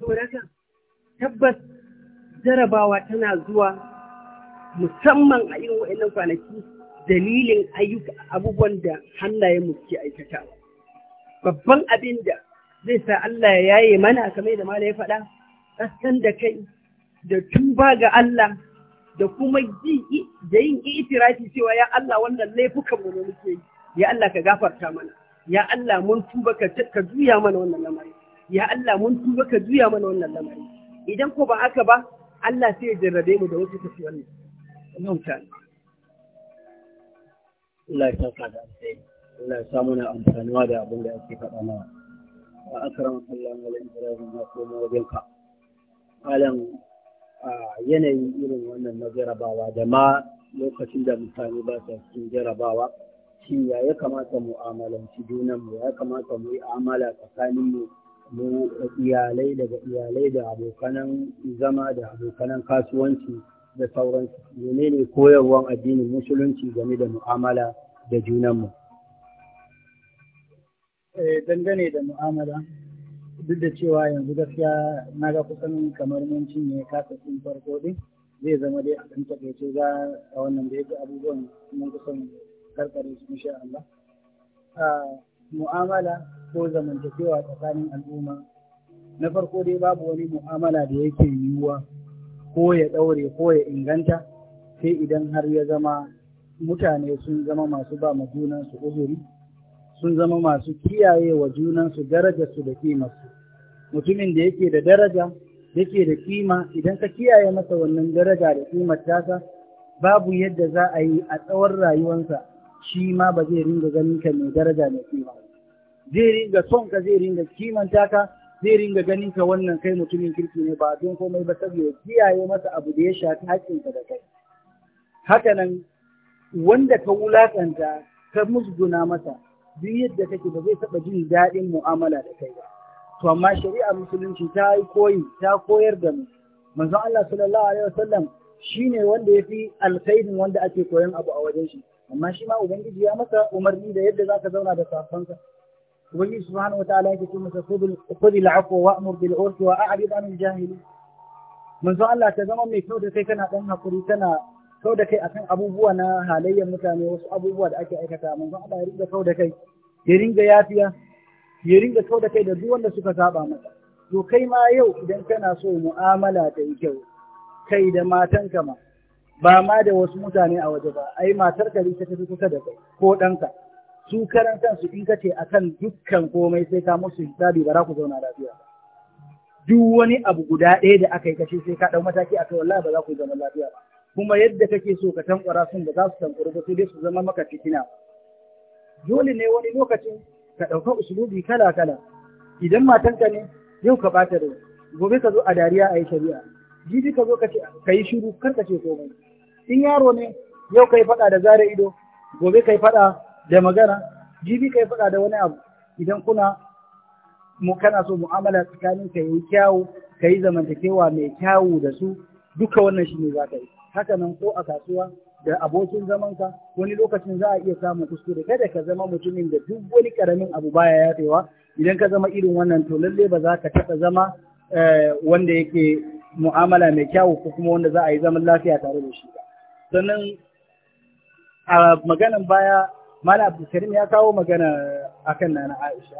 saboda haka tabbas jarabawa tana zuwa musamman a irin wa'annan kwanaki dalilin ayyuka abubuwan da hannayen mu ke aikata babban abin da zai sa Allah ya yaye mana kamar da mala ya faɗa ƙasan da kai da tuba ga Allah da kuma ji da yin itirafi cewa ya Allah wannan laifukan mu ne muke yi ya Allah ka gafarta mana ya Allah mun tuba ka juya mana wannan lamari ya Allah mun tuba ka juya mana wannan lamari idan ko ba haka ba Allah sai ya jarrabe mu da wasu tafi wannan Allah ya saka da Allah ya samu na amfanuwa da abin da ake faɗa mana akram Allah malam Ibrahim wajen koma wajenka a yanayin irin wannan na jarabawa da ma lokacin da mutane ba sa cikin jarabawa shi ya ya kamata mu'amalanci junanmu ya kamata mu yi amala tsakanin mu iyalai daga iyalai da abokanan zama da abokanan kasuwanci da sauransu menene koyarwar addinin musulunci game da mu'amala da junanmu Eh, dangane da mu'amala duk da cewa yanzu gaskiya na ga kusan kamar mun cinye kasa sun farko din zai zama dai a kan takaice za a wannan da yake abubuwan mun kusan karkare su insha Allah mu'amala ko zamantakewa tsakanin al'umma na farko dai babu wani mu'amala da yake yiwuwa ko ya daure ko ya inganta sai idan har ya zama mutane sun zama masu ba ma junan su uzuri sun zama masu kiyaye wa junansu darajarsu da kimarsu mutumin da yake da daraja yake da kima idan ka kiyaye masa wannan daraja da kimar tasa babu yadda za a yi a tsawon rayuwarsa shi ma ba zai ringa ganin ka mai daraja mai kima zai ringa son ka zai ringa kimanta ka zai ringa ganin ka wannan kai mutumin kirki ne ba don komai ba saboda kiyaye masa abu da ya shafi haƙƙinka da kai haka nan wanda ka wulakanta ka musguna masa duk yadda kake ba zai taɓa jin daɗin mu'amala da kai ba to amma shari'ar musulunci ta yi koyi ta koyar da mu manzon Allah sallallahu alaihi wasallam shine wanda yafi alkhairin wanda ake koyon abu a wajen shi amma shi ma ubangiji ya masa umarni da yadda zaka zauna da safansa ubangiji subhanahu wataala yake ce masa khudil afwa wa'mur bil urfi wa a'rid anil jahili manzo Allah ta zama mai kyau da kai kana dan hakuri kana kau da kai akan abubuwa na halayyar mutane wasu abubuwa da ake aikata zan Allah ya ringa kau da kai ya ringa yafiya ya ringa kau da kai da duk wanda suka saba maka to kai ma yau idan kana so mu'amala ta yi kyau kai da matanka ma ba ma da wasu mutane a waje ba ai matar ka ta fi kusa da kai ko ɗanka su karan kansu in ka ce akan dukkan komai sai ka musu hisabi ba za ku zauna lafiya duk wani abu guda ɗaya da aka yi kashe sai ka ɗau mataki a kai wallahi ba za ku zama lafiya ba kuma yadda kake so ka tankwara sun ba za su tankwara ba sai dai su zama maka fitina dole ne wani lokacin ka ɗauka usulubi kala kala idan matanka ne yau ka bata da gobe ka zo a dariya a yi shari'a jibi ka zo ka yi shiru kar ka ce komai in yaro ne yau ka yi faɗa da zare ido gobe ka yi faɗa da magana jibi ka yi faɗa da wani abu idan kuna mu kana so mu'amala tsakanin ka yi kyawu ka yi zamantakewa mai kyawu da su duka wannan shi ne za ka yi haka nan ko a kasuwa da abokin zamanka wani lokacin za a iya samun kuskure kada ka zama mutumin da duk wani karamin abu baya ya yafewa idan ka zama irin wannan to lalle ba za ka taɓa zama eh, wanda yake mu'amala mai kyawu ko kuma wanda za a yi zaman lafiya tare da shi ba sannan a maganan baya mala abdulkarim ya kawo magana akan nana aisha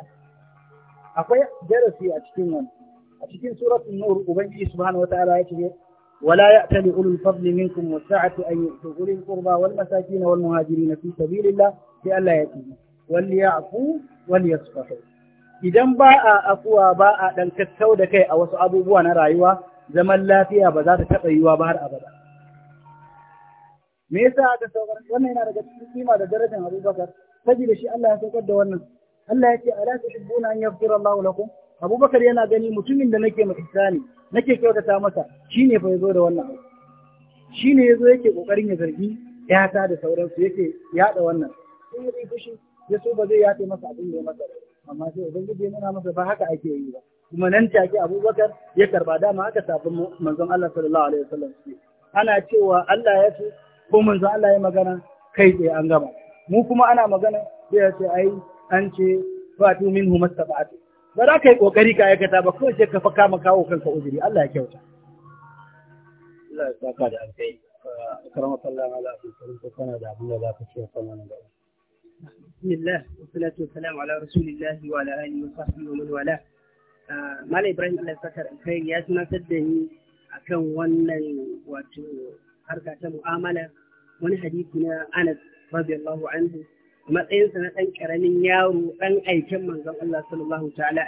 akwai darasi a cikin wannan a cikin suratul nur ubangiji subhanahu wataala ya ce ولا يأتل أولو الفضل منكم والسعة أن يؤتوا أولي القربى والمساكين والمهاجرين في سبيل الله لئلا يتيموا وليعفوا وليصفحوا idan ba a afuwa ba a ɗan kakkau da kai a wasu abubuwa na rayuwa zaman lafiya ba za ta taɓa yiwa ba har abada me yasa aka saukar wannan yana daga cikin kima da darajar Abubakar saboda shi Allah ya saukar da wannan Allah ya ce ala tuhibbuna an yaghfira Allahu lakum abubakar yana gani mutumin da nake mai ihsani nake kyautata masa shine fa yazo da wannan abu shine yazo yake kokarin ya zargi yata da sauransu yake yada wannan sai ya fushi ya so ba zai yafe masa abin da ya masa amma sai ubangiji ya nuna masa ba haka ake yi ba kuma nan take abubakar ya karba dama haka sabon manzon Allah sallallahu alaihi wasallam ana cewa Allah ya ce ko manzon Allah ya magana kai tsaye an gama mu kuma ana magana sai ya ce ai an ce fatu minhu mastaba'atu ba za ka yi ƙoƙari ka aikata ba kawai sai ka fa kama kawo kanka uzuri Allah ya kyauta Allah ya saka ala abin ko kana da abin da za ka gaba bismillah ala rasulillahi wa ala wa sahbihi ah, ya saka ni akan wannan wato harka wani hadisi na Anas radiyallahu anhu matsayinsa na ɗan ƙaramin yaro ɗan aikin manzon Allah sallallahu ta'ala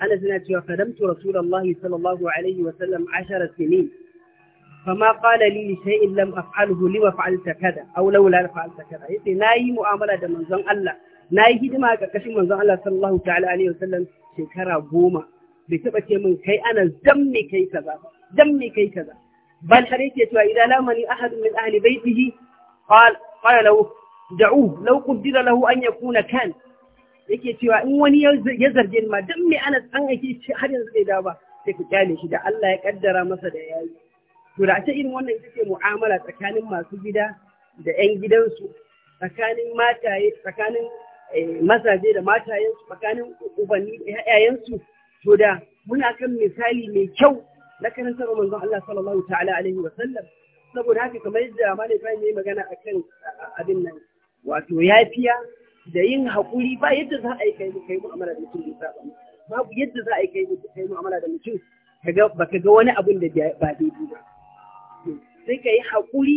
ana suna cewa kadamtu rasulullah sallallahu alaihi wa sallam 10 sinin fama qala li shay'in lam af'alhu li wa fa'alta kada aw law la fa'alta kada yace nayi mu'amala da manzon Allah nayi hidima ga kashin manzon Allah sallallahu shekara goma bai taba ce min kai ana zamme kai kaza zamme kai kaza bal har yake cewa idan lamani ahadun min ahli baitihi qala qala lahu da'u law qaddara lahu an yakuna kan yake cewa in wani ya zarge ni ma dan me ana an ake shi har yanzu bai dawo ba sai ku kyale shi da Allah ya kaddara masa da yayi to da ta irin wannan ita ce mu'amala tsakanin masu gida da 'yan gidansu tsakanin mataye tsakanin mazaje da matayensu tsakanin ubanni da 'ya'yansu, to da muna kan misali mai kyau na karantar manzon Allah sallallahu ta'ala alaihi wa sallam saboda haka kamar yadda Malam Ibrahim ya magana akan abin nan wato yafiya da yin haƙuri ba yadda za a yi kai kai mu'amala da mutum da ba babu yadda za a yi kai kai mu'amala da mutum kaga baka ga wani abin da ba daidai ba sai ka yi haƙuri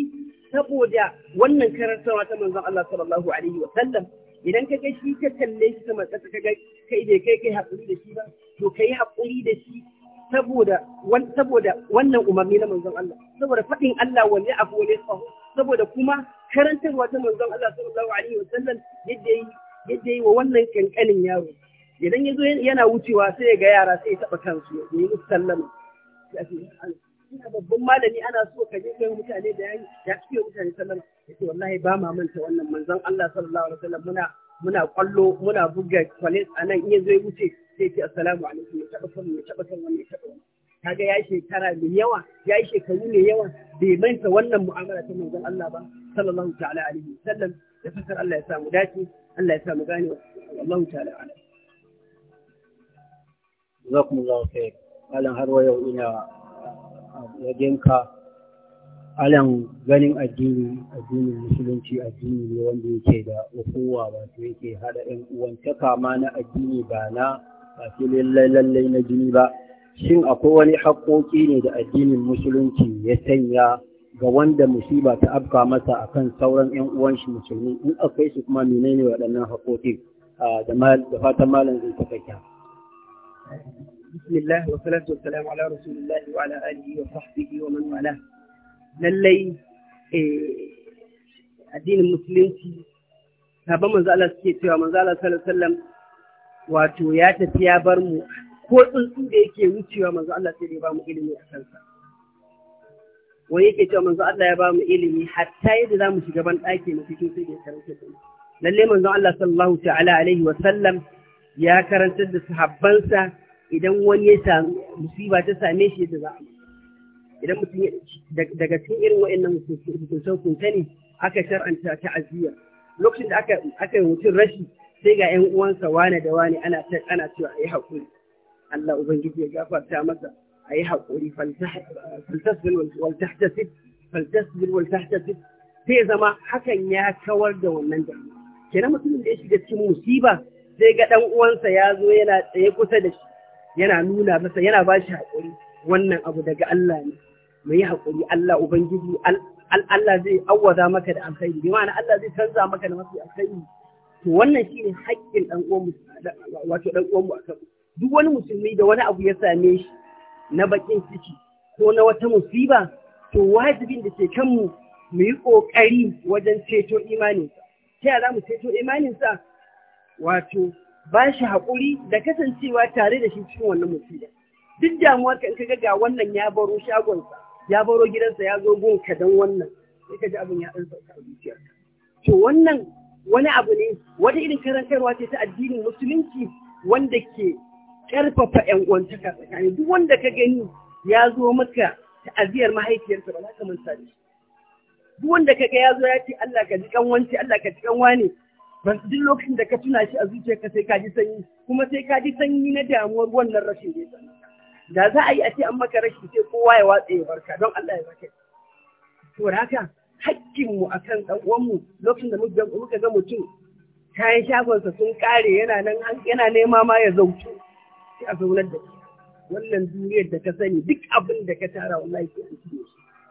saboda wannan karantarwa ta manzon Allah sallallahu alaihi wa sallam idan ka ga shi ka kalle shi ta ka ga kai da kai kai haƙuri da shi ba to kai haƙuri da shi saboda wannan umarni na manzon Allah saboda faɗin Allah wanne abu wani tsaho saboda kuma karantarwa ta manzon Allah sallallahu alaihi wa sallam yadda yi yadda yi wa wannan kankanin yaro idan ya zo yana wucewa sai ya ga yara sai ya taɓa kansu ya yi musu sallama ina babban malami ana so ka je kai mutane da yayi ya kiyo mutane sallama yace wallahi ba ma manta wannan manzon Allah sallallahu alaihi wa sallam muna muna kwallo muna buga kwalis anan in ya zo ya wuce sai ya ce assalamu alaikum ya taɓa kan ya taɓa kan wani ya taɓa wani kaga ya shekara mai yawa ya yi shekaru mai yawa bai manta wannan mu'amala ta manzon Allah ba sallallahu ta'ala alaihi sallam da fasar Allah ya samu dace Allah ya samu gane wallahu ta'ala ala jazakumullahu khair alan har yau ina wajenka alan ganin addini addinin musulunci addini ne wanda yake da ukuwa wato yake hada yan uwantaka ma na addini ba na ba lallai lallai na jini ba shin akwai wani haƙoƙi ne da addinin musulunci ya sanya ga wanda musiba ta afka masa akan sauran 'yan uwan shi musulmi in akwai su kuma menene waɗannan haƙoƙi da fatan malam zai taƙaita. Bismillah wa salatu wa salamu ala Rasulillahi wa ala alihi wa sahbihi wa man wala. Lallai eh, addinin musulunci sabon manzo Allah suke cewa manzo Allah sallallahu alaihi wasallam wato ya tafi ya bar mu ko tsuntsu da yake wucewa manzo Allah sai ya ba mu ilimi a kansa wa yake cewa manzo Allah ya ba mu ilimi hatta yadda zamu shiga ban ɗaki mu cikin sai da karanta da lalle manzo Allah sallallahu ta'ala alaihi wa sallam ya karantar da sahabbansa idan wani ya samu musiba ta same shi da za a idan mutum daga cikin irin wa'annan hukuncen hukunce ne aka shar'anta ta'aziyya lokacin da aka aka yi mutum rashi sai ga 'yan uwansa wane da wane ana ana cewa ai hakuri Allah ubangiji ya gafarta masa ayi hakuri faltasbil wal tahtasib faltasbil wal tahtasib sai zama hakan ya kawar da wannan da kenan mutumin da ya shiga cikin musiba sai ga dan uwansa ya zo yana tsaye kusa da shi yana nuna masa yana ba shi haƙuri. wannan abu daga Allah ne mai yi haƙuri Allah ubangiji Allah zai awwaza maka da alkhairi bi ma'ana Allah zai canza maka da mafi alkhairi to wannan shine haƙƙin dan uwan wato dan uwan mu akan duk wani musulmi da wani abu ya same shi na bakin ciki ko na wata musiba to wajibin da ke kanmu mu yi ƙoƙari wajen ceto imaninsa ta yaya za mu ceto imaninsa wato ba shi haƙuri da kasancewa tare da shi cikin wannan musiba duk damuwar ka in ka ga wannan ya baro shagonsa ya baro gidansa ya zo ka don wannan sai ka ji abin ya ɗan sauka a to wannan wani abu ne wata irin karantarwa ce ta addinin musulunci wanda ke ƙarfafa ƴan uwantaka tsakani duk wanda ka gani ya zo maka ta'aziyar mahaifiyarsa ba za ka manta da duk wanda ka kaga ya zo ya ce Allah ka ji ƙanwanci, Allah ka ji kan wani ban duk lokacin da ka tuna shi a zuciyarka sai ka ji sanyi kuma sai ka ji sanyi na damuwar wannan rashin da ya da za a yi a ce an maka rashin sai kowa ya watsa ya barka don Allah ya barka to haka hakkin mu akan dan uwan mu lokacin da muka ga mutum kayan shagonsa sun ƙare yana nan yana nema ma ya zauce sai a zaunar da shi wannan duniyar da ka sani duk abin da ka tara wallahi sai an shi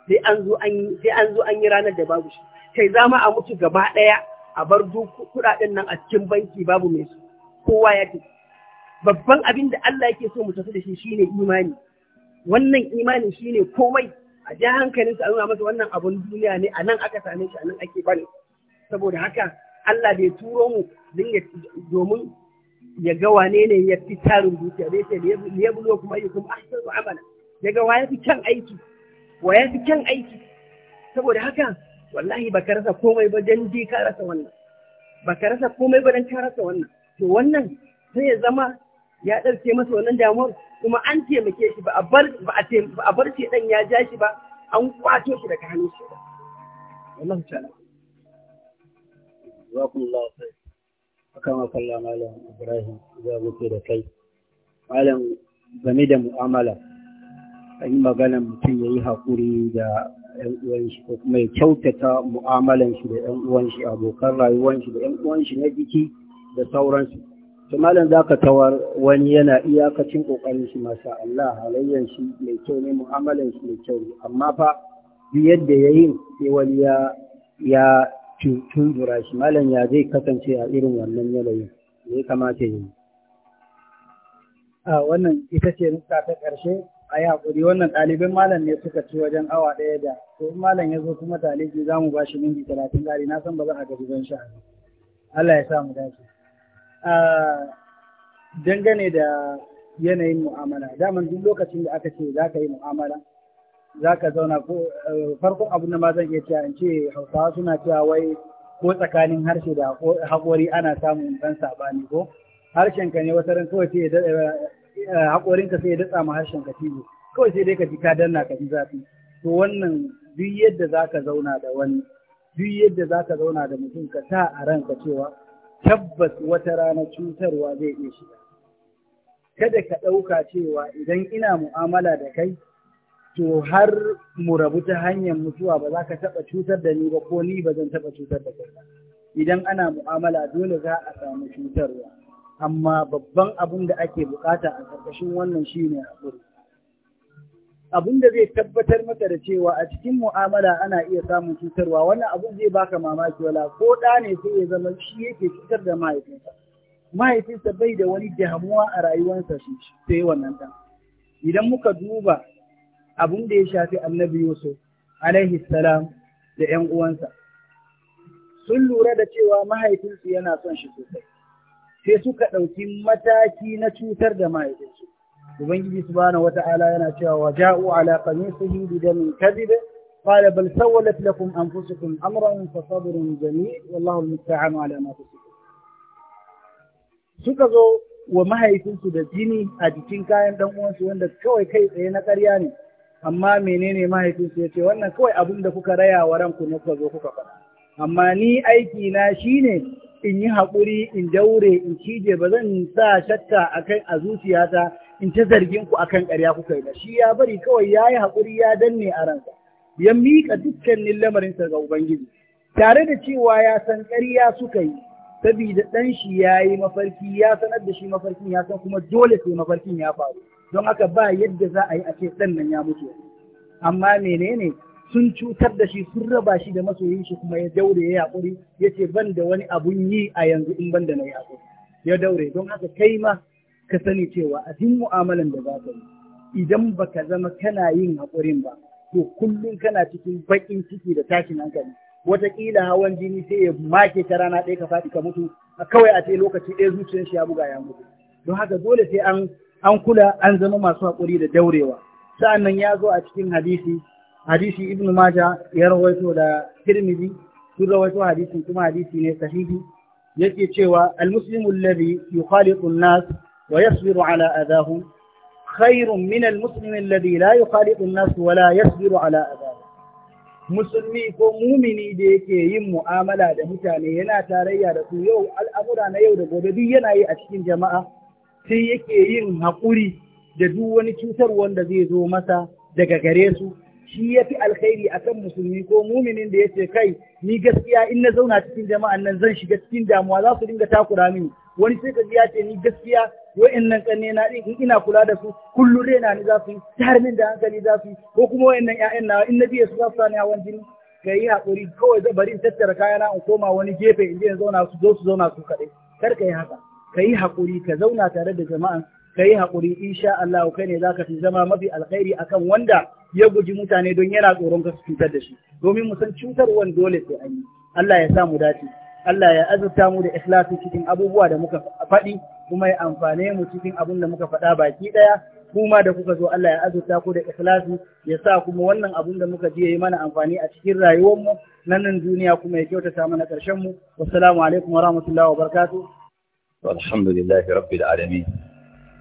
sai an zo an sai an zo an yi ranar da babu shi kai zama a mutu gaba daya a bar duk kudaden nan a cikin banki babu mai su kowa ya ce. babban abin da Allah yake so mu tafi da shi shine imani wannan imani shine komai a ja hankalin sa nuna masa wannan abun duniya ne A nan aka same shi anan ake bani saboda haka Allah bai turo mu dinga domin ya ga wane ne ya fi tarin dukiya da yake ya bulo kuma yi kuma ahsanu amana ya ga wa ya fi kyan aiki wa ya fi kyan aiki saboda haka wallahi ba ka rasa komai ba dan je ka rasa wannan ba ka rasa komai ba dan ka rasa wannan to wannan sai ya zama ya ɗauke masa wannan damuwar kuma an taimake shi ba a bar shi dan ya ja shi ba an kwato shi daga hannun shi ba wallahi ta'ala Allah kama kalla malam ibrahim za mu da kai malam game da mu'amala an yi magana mutum ya yi haƙuri da ‘yan uwan shi ko kuma ya kyautata mu'amalan shi da ‘yan uwan abokan rayuwanshi da ‘yan uwan na jiki da sauransu to malam za ka tawar wani yana iyakacin ƙoƙarin shi masha Allah halayyan shi mai kyau ne mu'amalan shi mai kyau ne amma fa yadda ya yi sai wani ya tunzura shi malam ya zai kasance a irin wannan yanayin da ya kamata yi a wannan ita ce nuska ta ƙarshe a yi haƙuri wannan ɗaliban malam ne suka ci wajen awa ɗaya da ko malam ya zo kuma talibi za mu ba shi minti talatin gari na san ba za a gaji ban sha Allah ya sa mu dace dangane da yanayin mu'amala daman duk lokacin da aka ce za ka yi mu'amala za ka zauna ko eh, farkon abin da ma zan iya cewa in ce hausawa suna cewa wai ko tsakanin harshe da haƙori ana samun ɗan saɓani ko harshenka ne wata ran kawai sai eh, eh, haƙorinka sai ya datsa ma ka cizo kawai sai dai ka ji ka danna ka ji zafi to wannan duk yadda za ka zauna da wani duk yadda za ka zauna da mutum ka sa a ranka cewa tabbas wata rana cutarwa zai iya shiga kada ka ɗauka cewa idan ina mu'amala da kai to har mu rabu ta hanyar mutuwa ba za ka taɓa cutar da ni ba ko ni ba zan taɓa cutar da kai ba idan ana mu'amala dole za a samu cutarwa amma babban abin da ake bukata a ƙarƙashin wannan shine haƙuri abin da zai tabbatar maka da cewa a cikin mu'amala ana iya samun cutarwa wannan abin zai baka mamaki wala ko ɗa ne sai ya zama shi yake cutar da mahaifinsa mahaifinsa bai da wani damuwa a rayuwarsa shi sai wannan ɗan idan muka duba abin da ya shafi annabi Yusuf alaihi salam da ‘yan uwansa. Sun lura da cewa mahaifinsu yana son shi sosai, sai suka ɗauki mataki na cutar da mahaifinsu. Ubangiji wa ta’ala yana cewa wa ja'u ala qamisihi bi damin kadhib qala bal sawwalat lakum anfusukum amran fa sabrun jamil wallahu almusta'anu ala ma tasifun. Suka zo wa mahaifinsu da jini a jikin kayan dan uwansu wanda kawai kai tsaye na ƙarya ne amma menene mahaifinsu ya ce wannan kawai abin da kuka raya wa ranku ne kuka zo kuka faɗa amma ni aiki na shine in yi haƙuri in daure in cije ba zan sa shakka akan a zuciyata in ta zargin ku akan ƙarya kuka yi ba shi ya bari kawai ya yi haƙuri ya danne a ransa ya miƙa dukkanin lamarinsa ga ubangiji tare da cewa ya san ƙarya suka yi sabida ɗan shi ya yi mafarki ya sanar da shi mafarkin ya san kuma dole sai mafarkin ya faru don haka ba yadda za a yi a ce ya mutu amma menene sun cutar da shi sun raba shi da masoyin shi kuma ya daure ya yaƙuri ya ce ban da wani abun yi a yanzu in ban da na yaƙuri ya daure don haka kai ma ka sani cewa a jin mu'amalan da za ka yi idan ba ka zama kana yin haƙurin ba to kullum kana cikin baƙin ciki da tashin hankali wataƙila hawan jini sai ya make ta rana ɗaya ka faɗi ka mutu kawai a ce lokaci ɗaya zuciyar shi ya buga ya mutu don haka dole sai an an kula an zama masu haƙuri da daurewa nan ya zo a cikin hadisi hadisi ibn Majah ya rawaito da Tirmidhi sun rawaito hadisin kuma hadisi ne sahihi yake cewa al-muslimu alladhi yukhaliqu an-nas wa yasbiru ala adahum khairun min al-muslimi alladhi la yukhaliqu an-nas wa la yasbiru ala adahum musulmi ko mumini da yake yin mu'amala da mutane yana tarayya da su yau al'amura na yau da gobe duk yana yi a cikin jama'a sai yake yin haƙuri da duk wani cutar wanda zai zo masa daga gare su shi ya fi alkhairi a kan musulmi ko muminin da ya ce kai ni gaskiya in na zauna cikin jama'an nan zan shiga cikin damuwa za su dinga takura mini wani sai ka ya ce ni gaskiya wa'annan kanne na din in ina kula da su kullum rena ni za su yi har min da hankali za su yi ko kuma wa'annan ƴaƴan nawa in na biye su za su sani hawan jini ka yi haƙuri kawai bari in tattara kayana in koma wani gefe in je in zauna su zo su zauna su kaɗai kar ka yi haka ka yi haƙuri ka zauna tare da jama'a ka yi haƙuri insha Allah kai ne zaka fi zama mafi alkhairi akan wanda ya guji mutane don yana tsoron ka cutar da shi domin mu san cutarwan dole sai an yi Allah ya sa mu dace Allah ya azurta mu da ikhlasi cikin abubuwa da muka faɗi kuma ya amfane mu cikin abin da muka faɗa baki ɗaya kuma da kuka zo Allah ya azurta ku da ikhlasi ya sa kuma wannan abun da muka ji yi mana amfani a cikin rayuwarmu nan nan duniya kuma ya kyautata mana ƙarshen mu wassalamu alaikum wa rahmatullahi wa barakatuh والحمد لله رب العالمين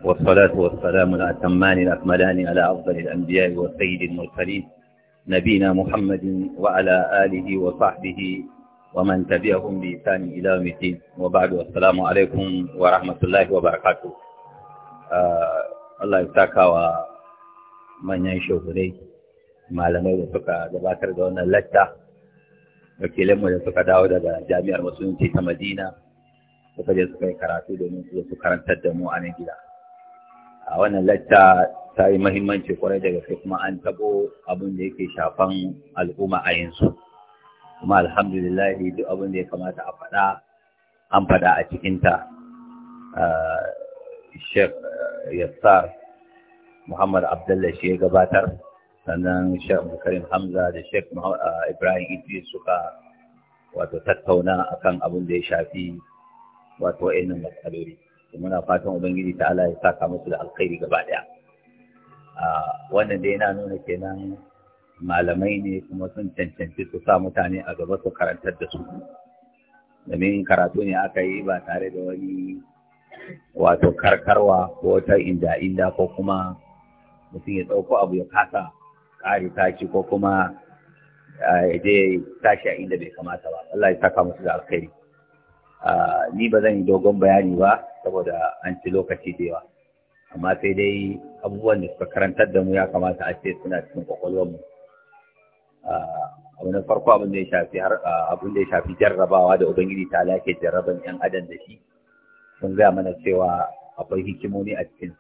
والصلاة والسلام الأتمان الأكملان على أفضل الأنبياء والسيد المرسلين نبينا محمد وعلى آله وصحبه ومن تبعهم بإحسان إلى يوم الدين وبعد والسلام عليكم ورحمة الله وبركاته آه، الله يساك ومن يشوف لي ما لم suka gabatar دون اللجة وكلمة wakilanmu da suka dawo daga jami'ar suka je suka yi karatu domin su su karantar da mu a nan gida a wannan latta ta yi mahimmanci kwarai da gaske kuma an tabo abin da yake shafan al'umma a yanzu kuma alhamdulillah duk abin da ya kamata a faɗa an faɗa a cikinta Sheikh eh, Yassar Muhammad Abdullah shi ya gabatar sannan Sheikh Karim Hamza da Sheikh eh, Ibrahim Idris suka wato tattauna akan abin da ya shafi wato wa'annan matsaloli muna fatan ubangiji ta Allah ya saka musu da alkhairi gaba daya wannan da yana nuna kenan malamai ne kuma sun cancanci su sa mutane a gaba su karantar da su domin karatu ne aka yi ba tare da wani wato karkarwa ko ta inda inda ko kuma mutum ya ɗauko abu ya kasa ƙari tashi ko kuma eh, ya je tashi a inda bai kamata ba Allah ya saka musu da alkhairi Ah, ni ba zan yi dogon bayani ba saboda an ci lokaci da yawa amma sai dai abubuwan da suka karantar da mu ya kamata a ce suna cikin kwakwalwarmu ah, abu na farko abin da ya shafi har ah, abin da ya shafi jarrabawa da ubangiji ta lake jarraban yan adam da shi sun gaya mana cewa akwai hikimomi a cikin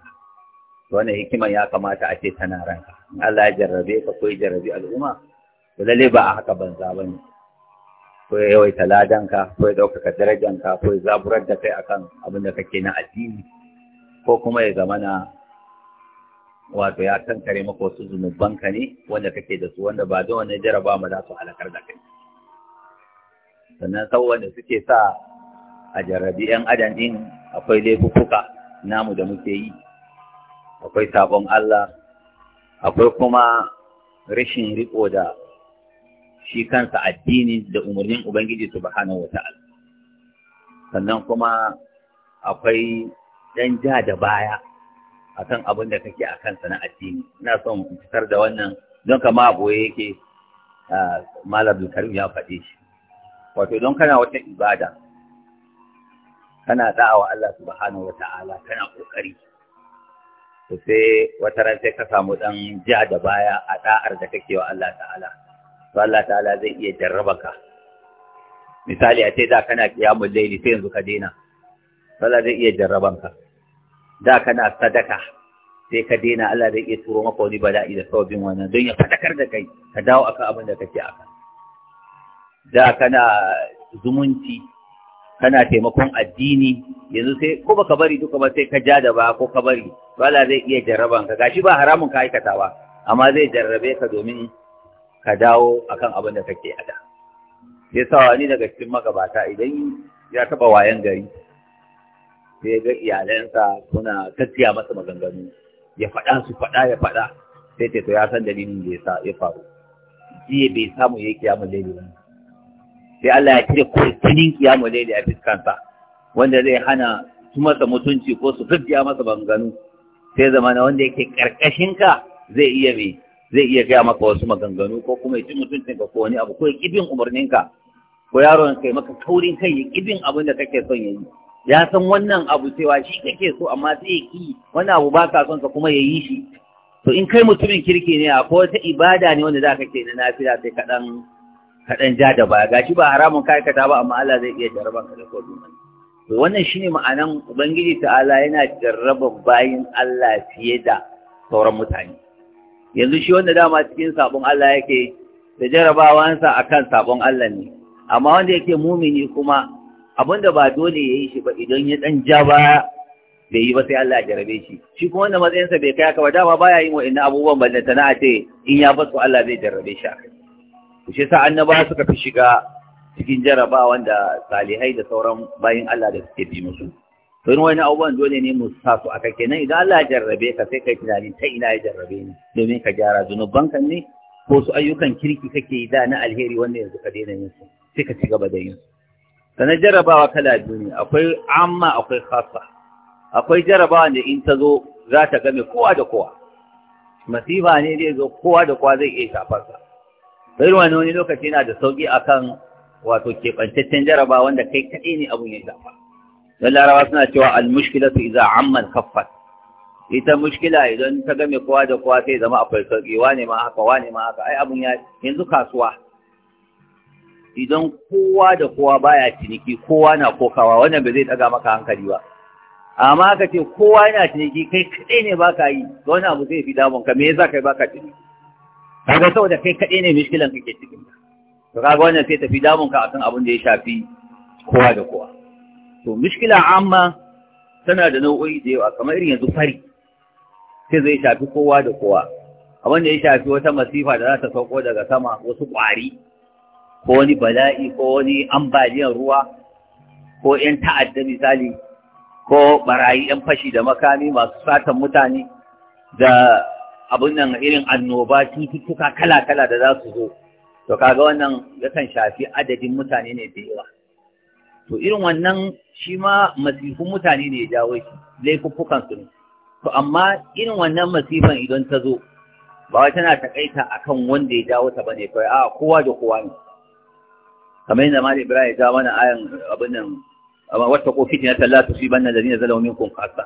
wannan hikima ya kamata a ce tana ranka in Allah ya jarrabe ka ko ya jarrabi al'umma to lalle ba a haka banza bane ko ya yawaita ladanka ko ya ɗaukaka darajanka ko ya zaburar da kai akan abin da kake na addini ko kuma ya zama na wato ya tankare maka wasu zunubanka ne wanda kake da su wanda ba da wani jaraba ma za su halakar da kai sannan wanda suke sa a jarabi 'yan adam ɗin akwai laifuka namu da muke yi akwai sabon Allah akwai kuma rashin riko da shi kansa addini da umarnin Ubangiji subhanahu wa ta'ala. Sannan kuma akwai ɗan ja da baya a kan abin da kake a kansa na addini. Ina son fitar da wannan don kama goye yake Malam Abdulkarim ya faɗe shi. Wato don kana wata ibada, kana da'awa Allah subhanahu wa ta'ala kana ƙoƙari. sosai wata ran sai ka samu ɗan ja da baya a da'ar da kake wa Allah ta'ala. to Allah ta'ala zai iya jarraba ka misali a ce da kana kiyamul laili sai yanzu ka daina Allah zai iya jarraban ka da kana sadaka sai ka daina Allah zai iya turo maka wani bala'i da sabbin wannan don ya fadakar da kai ka dawo akan abin da kake aka da kana zumunci kana taimakon addini yanzu sai ko baka bari duka ba sai ka ja da ba ko ka bari wala zai iya jarraban ka gashi ba haramun ka aikata ba amma zai jarrabe ka domin ka dawo akan abin da kake a da ya sa wani daga cikin magabata idan ya taɓa wayan gari sai ga iyalansa suna tafiya masa maganganu ya faɗa su faɗa ya faɗa sai ce to ya san dalilin da ya ya faru jiya bai samu ya yi kiyamun laili ba sai Allah ya cire kurtunin kiyamun laili a fiskansa wanda zai hana su masa mutunci ko su tafiya masa maganganu sai zamana wanda yake karkashin ka zai iya mai zai iya gaya maka wasu maganganu ko kuma ya ci mutuncin ka ko wani abu ko ya kibin umarninka ko yaron kai maka kaurin kai ya kibin abin da kake son yayi ya san wannan abu cewa shi kake so amma sai ki wani abu ba ka son ka kuma ya yi shi to in kai mutumin kirki ne akwai wata ibada ne wanda za ka ke na nafila sai kaɗan kaɗan ja da baya gashi ba haramun ka aikata ba amma Allah zai iya jaraban ka da kodin to wannan shine ma'anan ubangiji ta'ala yana jarraba bayin Allah fiye da sauran mutane yanzu shi wanda dama cikin sabon Allah yake da jarabawansa akan sabon Allah ne amma wanda yake mumini kuma abinda ba dole yayi shi ba idan ya dan ja ba bai yi ba sai Allah ya jarabe shi shi kuma wanda matsayinsa bai kai ka ba dama baya yin wa'annan abubuwan ballanta na ce in ya basu Allah zai jarrabe shi akai to shi yasa annaba suka fi shiga cikin jarabawan da salihai da sauran bayin Allah da suke bi musu don wani abubuwan dole ne mu sa su kake nan idan Allah ya jarrabe ka sai kai tunani ta ina ya jarrabe ni domin ka gyara zunubanka ne ko su ayyukan kirki kake yi da na alheri wanda yanzu ka daina yin su sai ka ci gaba da yin su sanar jarrabawa kala biyu ne akwai amma akwai khassa akwai jarrabawa da in ta zo za ta game kowa da kowa masifa ne zai zo kowa da kowa zai iya shafar sa sai wani wani lokaci yana da sauki akan wato keɓantaccen jarrabawa wanda kai kaɗai ne abun ya shafa dan larawa suna cewa al-mushkilatu idza amma al-khaffat ita mushkila idan ta game kowa da kowa sai zama akwai sauki wane ma haka wane ma haka ai abun ya yanzu kasuwa idan kowa da kowa baya ciniki kowa na kokawa wannan bai zai daga maka hankali ba amma aka ce kowa yana ciniki kai kaɗai ne baka yi ga wani abu zai fi damun ka me yasa kai baka ciniki kaga saboda kai kaɗai ne mishkilan kake cikin to kaga wannan sai tafi damun ka akan abin da ya shafi kowa da kowa to mishkila amma tana da nau'o'i da yawa kamar irin yanzu fari sai zai shafi kowa da kowa abin da ya shafi wata masifa da za ta sauko daga sama wasu ƙwari ko wani bala'i ko wani ambaliyar ruwa ko 'yan ta'adda misali ko barayi 'yan fashi da makami masu satan mutane da abin nan irin annoba cututtuka kala-kala da za su zo to kaga wannan yakan shafi adadin mutane ne da yawa to irin wannan shi ma masifin mutane ne ya jawo shi laifuffukan su ne to amma irin wannan masifan idan ta zo ba wai tana takaita akan wanda ya jawo ta bane kai a kowa da kowa ne kamar yadda Malik Ibrahim ya jawo mana ayan abin nan amma wata ko fitina ta da tusibanna zala zalamu kun kasa.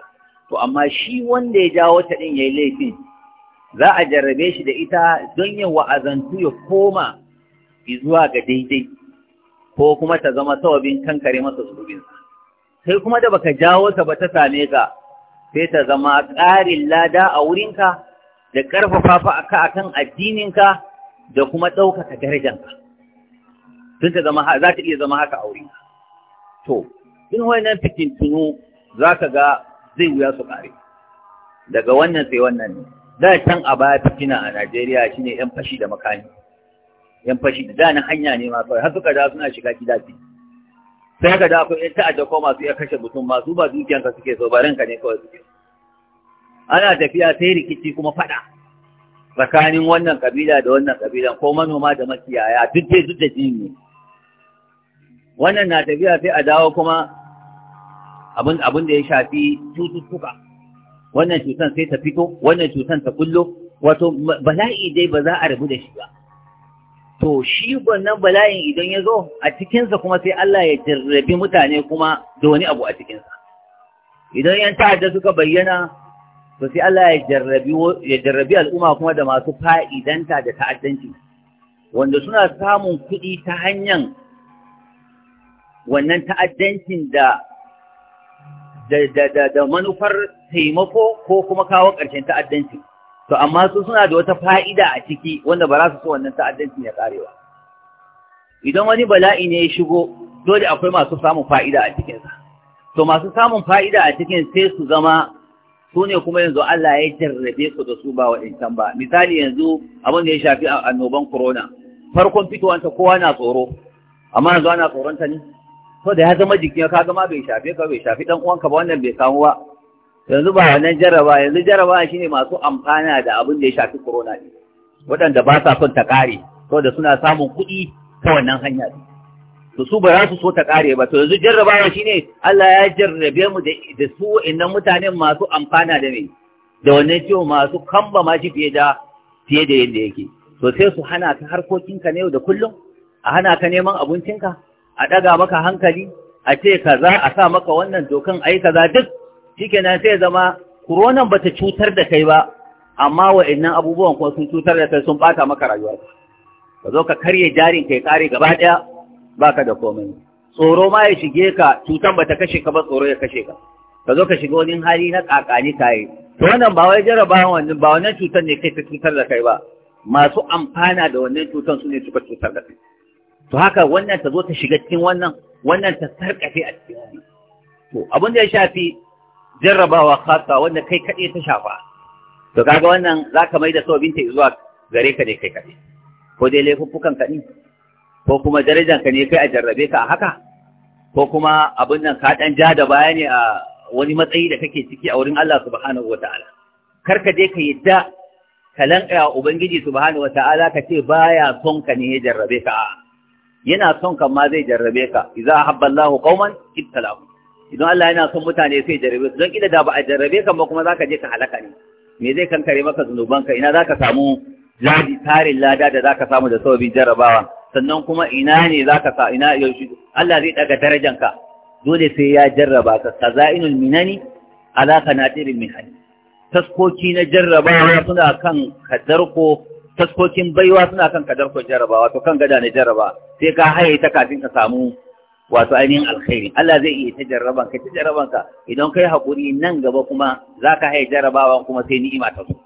to amma shi wanda ya jawo ta din yayi laifin za a jarrabe shi da ita don yin wa'azantu ya koma zuwa ga daidai ko kuma ta zama sababin kankare masa zunubinsa sai kuma da baka jawo ta ba ta same ka sai ta zama ƙarin lada a wurinka da ƙarfafa fa aka akan addininka da kuma ɗaukaka darajanka tun ta zama za ta iya zama haka a wurinka to in wannan tunu za ka ga zai wuya su ƙare daga wannan sai wannan ne da can a baya fitina a Najeriya shine 'yan fashi da makani yan fashi da dana hanya ne ma kawai har suka da suna shiga gidaje sai haka da akwai ta'adda ko masu ya kashe mutum masu ba ka suke so ba ka ne kawai suke ana tafiya sai rikici kuma fada tsakanin wannan kabila da wannan kabila ko manoma da makiyaya duk dai duk da jini wannan na tafiya sai a dawo kuma abin abin da ya shafi cututtuka wannan cutan sai ta fito wannan cutan ta kullo wato bala'i dai ba za a rabu da shi ba to shi wannan bala'in idan ya zo a cikinsa kuma sai Allah ya jarrabi mutane kuma da wani abu a cikinsa idan yan ta'adda suka bayyana to sai Allah ya jarrabi al'umma kuma da masu fa'idanta da ta'addanci wanda suna samun kuɗi ta hanyar wannan ta'addancin da da da da manufar taimako ko kuma kawo ƙarshen ta'addancin to amma su suna da wata fa'ida a ciki wanda ba za su so wannan ta'addanci ya ba. idan wani bala'i ne ya shigo dole akwai masu samun fa'ida a cikinsa to masu samun fa'ida a cikin sai su zama su ne kuma yanzu Allah ya jarrabe su da su ba waɗancan ba misali yanzu abin da ya shafi annoban corona farkon ta kowa na tsoro amma yanzu ana tsoron ta ne to da ya zama jikin ka zama bai shafe ka bai shafi dan uwanka ba wannan bai samu ba yanzu ba wannan jaraba yanzu jaraba ne masu amfana da abin da ya shafi corona ne waɗanda ba sa son ta kare saboda suna samun kuɗi ta wannan hanya ne to su ba za su so ta ƙare ba to yanzu jarrabawa ne Allah ya jarrabe mu da su wa'annan mutanen masu amfana da me da wannan ciwo masu kamba ma shi fiye da fiye da yadda yake to sai su hana ka harkokinka na yau da kullum a hana ka neman abincinka a ɗaga maka hankali a ce kaza a sa maka wannan dokan ai kaza duk na sai zama ba bata cutar da kai ba amma wa'annan abubuwan kuma sun cutar da kai sun bata maka rayuwa ka zo ka karye jarin kai kare gaba daya baka da komai tsoro ma ya shige ka cutan bata kashe ka ba tsoro ya kashe ka ka zo ka shiga wani hali na kakani kai to wannan ba wai jarabawan wannan ba wannan cutar ne kai ta cutar da kai ba masu amfana da wannan cutan su ne suka cutar da kai to haka wannan ta zo ta shiga cikin wannan wannan ta sarkafe a cikin wani to abin da ya shafi jarrabawa kasa wanda kai kaɗe ta shafa to kaga wannan zaka mai da sababin ta zuwa gare ka ne kai kaɗai ko dai laifuffukan ka ne ko kuma darajar ka ne kai a jarrabe ka a haka ko kuma abin nan ka ɗan ja da baya ne a wani matsayi da kake ciki a wurin Allah subhanahu ta'ala. kar ka je ka yadda ka wa ubangiji subhanahu ta'ala ka ce baya son ka ne ya jarrabe ka yana son kan ma zai jarrabe ka Iza habballahu qauman ibtalahu idan Allah yana son mutane sai jarabe su don kila da ba a jarabe kan ba kuma zaka je ka halaka ne me zai kankare maka zunubanka ina ka samu ladi tarin lada da zaka samu da sababin jarabawa sannan kuma ina ne ka sa ina yaushe Allah zai daga darajanka dole sai ya jarraba ka kazainul minani ala kanatirin mihani taskoki na jarrabawa suna kan kadarko taskokin baiwa suna kan kadar jarrabawa. To kan gada na jarraba sai ka haye ta kafin ka samu wato ainihin alkhairi Allah zai iya tajarraban ka tajarraban ka idan kai hakuri nan gaba kuma ka haya jarrabawa kuma sai ni'ima ta zo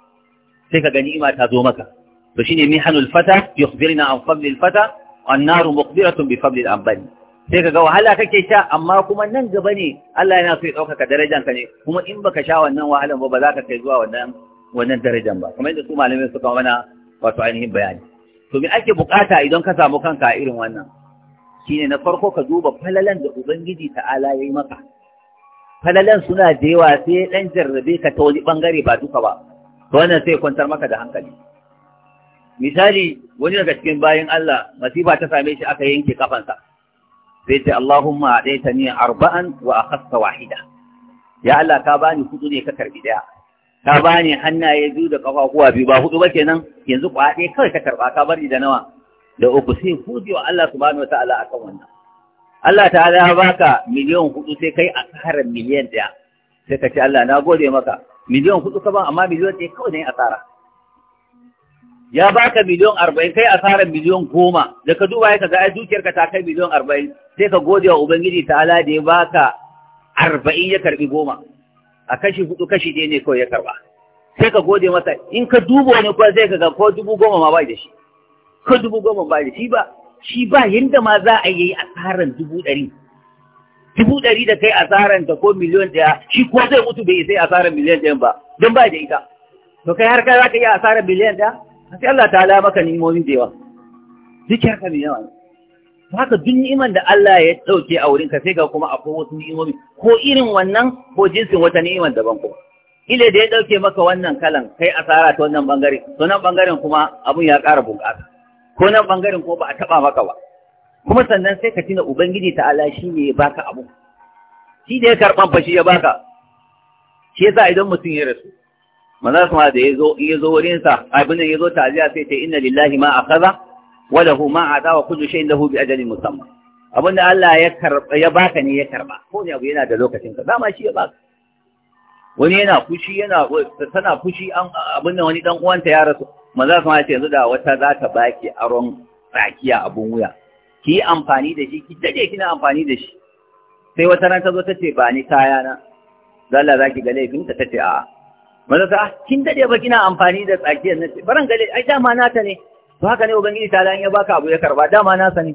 sai ka ga ni'ima ta zo maka to shine mihanul fata yukhbirna an fadlil fata an naru muqbiratun bi fadlil anbani sai ka ga wahala kake sha amma kuma nan gaba ne Allah yana so ya dauka darajan ka ne kuma in baka sha wannan wahalan ba ba za ka kai zuwa wannan wannan darajar ba kamar yadda su malamai suka mana wato ainihin bayani to me ake bukata idan ka samu kanka a irin wannan shine na farko ka duba falalan da ubangiji ta'ala yi maka falalan suna da yawa sai dan jarrabe ka ta wani bangare ba duka ba to wannan sai kwantar maka da hankali misali wani daga cikin bayan Allah masifa ta same shi aka yanke kafansa sai ce Allahumma adaitani arba'an wa akhadta wahida ya Allah ka bani hudu ne ka karɓi ɗaya. ka bani hannaye biyu da ƙafafuwa biyu ba hudu ba kenan yanzu ɗaya kawai ka karba ka ni da nawa da uku sai gode wa Allah subhanahu wataala akan wannan Allah ta'ala ya baka miliyan hudu sai kai a asarar miliyan daya sai ka ce Allah na gode maka miliyan hudu ka ba amma miliyan ɗaya kawai ne asara ya baka miliyan arba'in kai asarar miliyan goma da ka duba ya ka ga ai dukiyarka ta kai miliyan arba'in sai ka gode wa ubangiji ta'ala da ya baka arba'in ya karbi goma a kashi hudu kashi ɗaya ne kawai ya karba sai ka gode masa in ka duba wani kuwa sai ka ga ko dubu goma ma bai da shi ko dubu goma ba shi ba shi ba yadda ma za a yi asaran dubu ɗari dubu ɗari da kai tsarin ta ko miliyon ɗaya shi ko zai mutu bai sai asaran miliyon ɗaya ba don ba da ita to kai har kai za ka yi asaran miliyon ɗaya A sai Allah ta ala maka ni'imomin da yawa dukiyar ka mai yawa ne haka duk ni'iman da Allah ya ɗauke a wurinka sai ga kuma akwai wasu ni'imomi ko irin wannan ko jinsin wata ni'iman daban kuma ile da ya ɗauke maka wannan kalan kai asara ta wannan ɓangare, to nan ɓangaren kuma abun ya ƙara bunƙasa ko nan bangaren ko ba a taba maka ba kuma sannan sai ka tuna ubangiji ta'ala shi ne ya baka abu shi da ya karban fashi ya baka shi yasa idan mutum ya rasu manzo kuma da yazo in yazo wurin sa abin da yazo ta'aziya sai ta inna lillahi ma akhadha wa lahu ma ata wa kullu shay'in lahu bi ajalin musamma abin da Allah ya karba ya baka ne ya karba ko ne abu yana da lokacin ka dama shi ya baka wani yana fushi yana tana fushi an abin da wani dan uwanta ya rasu Maza kuma ya ce yanzu da wata za ta baki aron rakiya abun wuya ki yi amfani da shi ki dade kina amfani da shi sai wata ran ta zo ta ce ba ni kaya na zalla za ki ga laifin ta ce a'a Maza ta ah, kin dade ba kina amfani da tsakiyar na ce baran gale ai dama ta ne to haka ne ubangiji ta lan ya baka abu ya karba dama nasa ne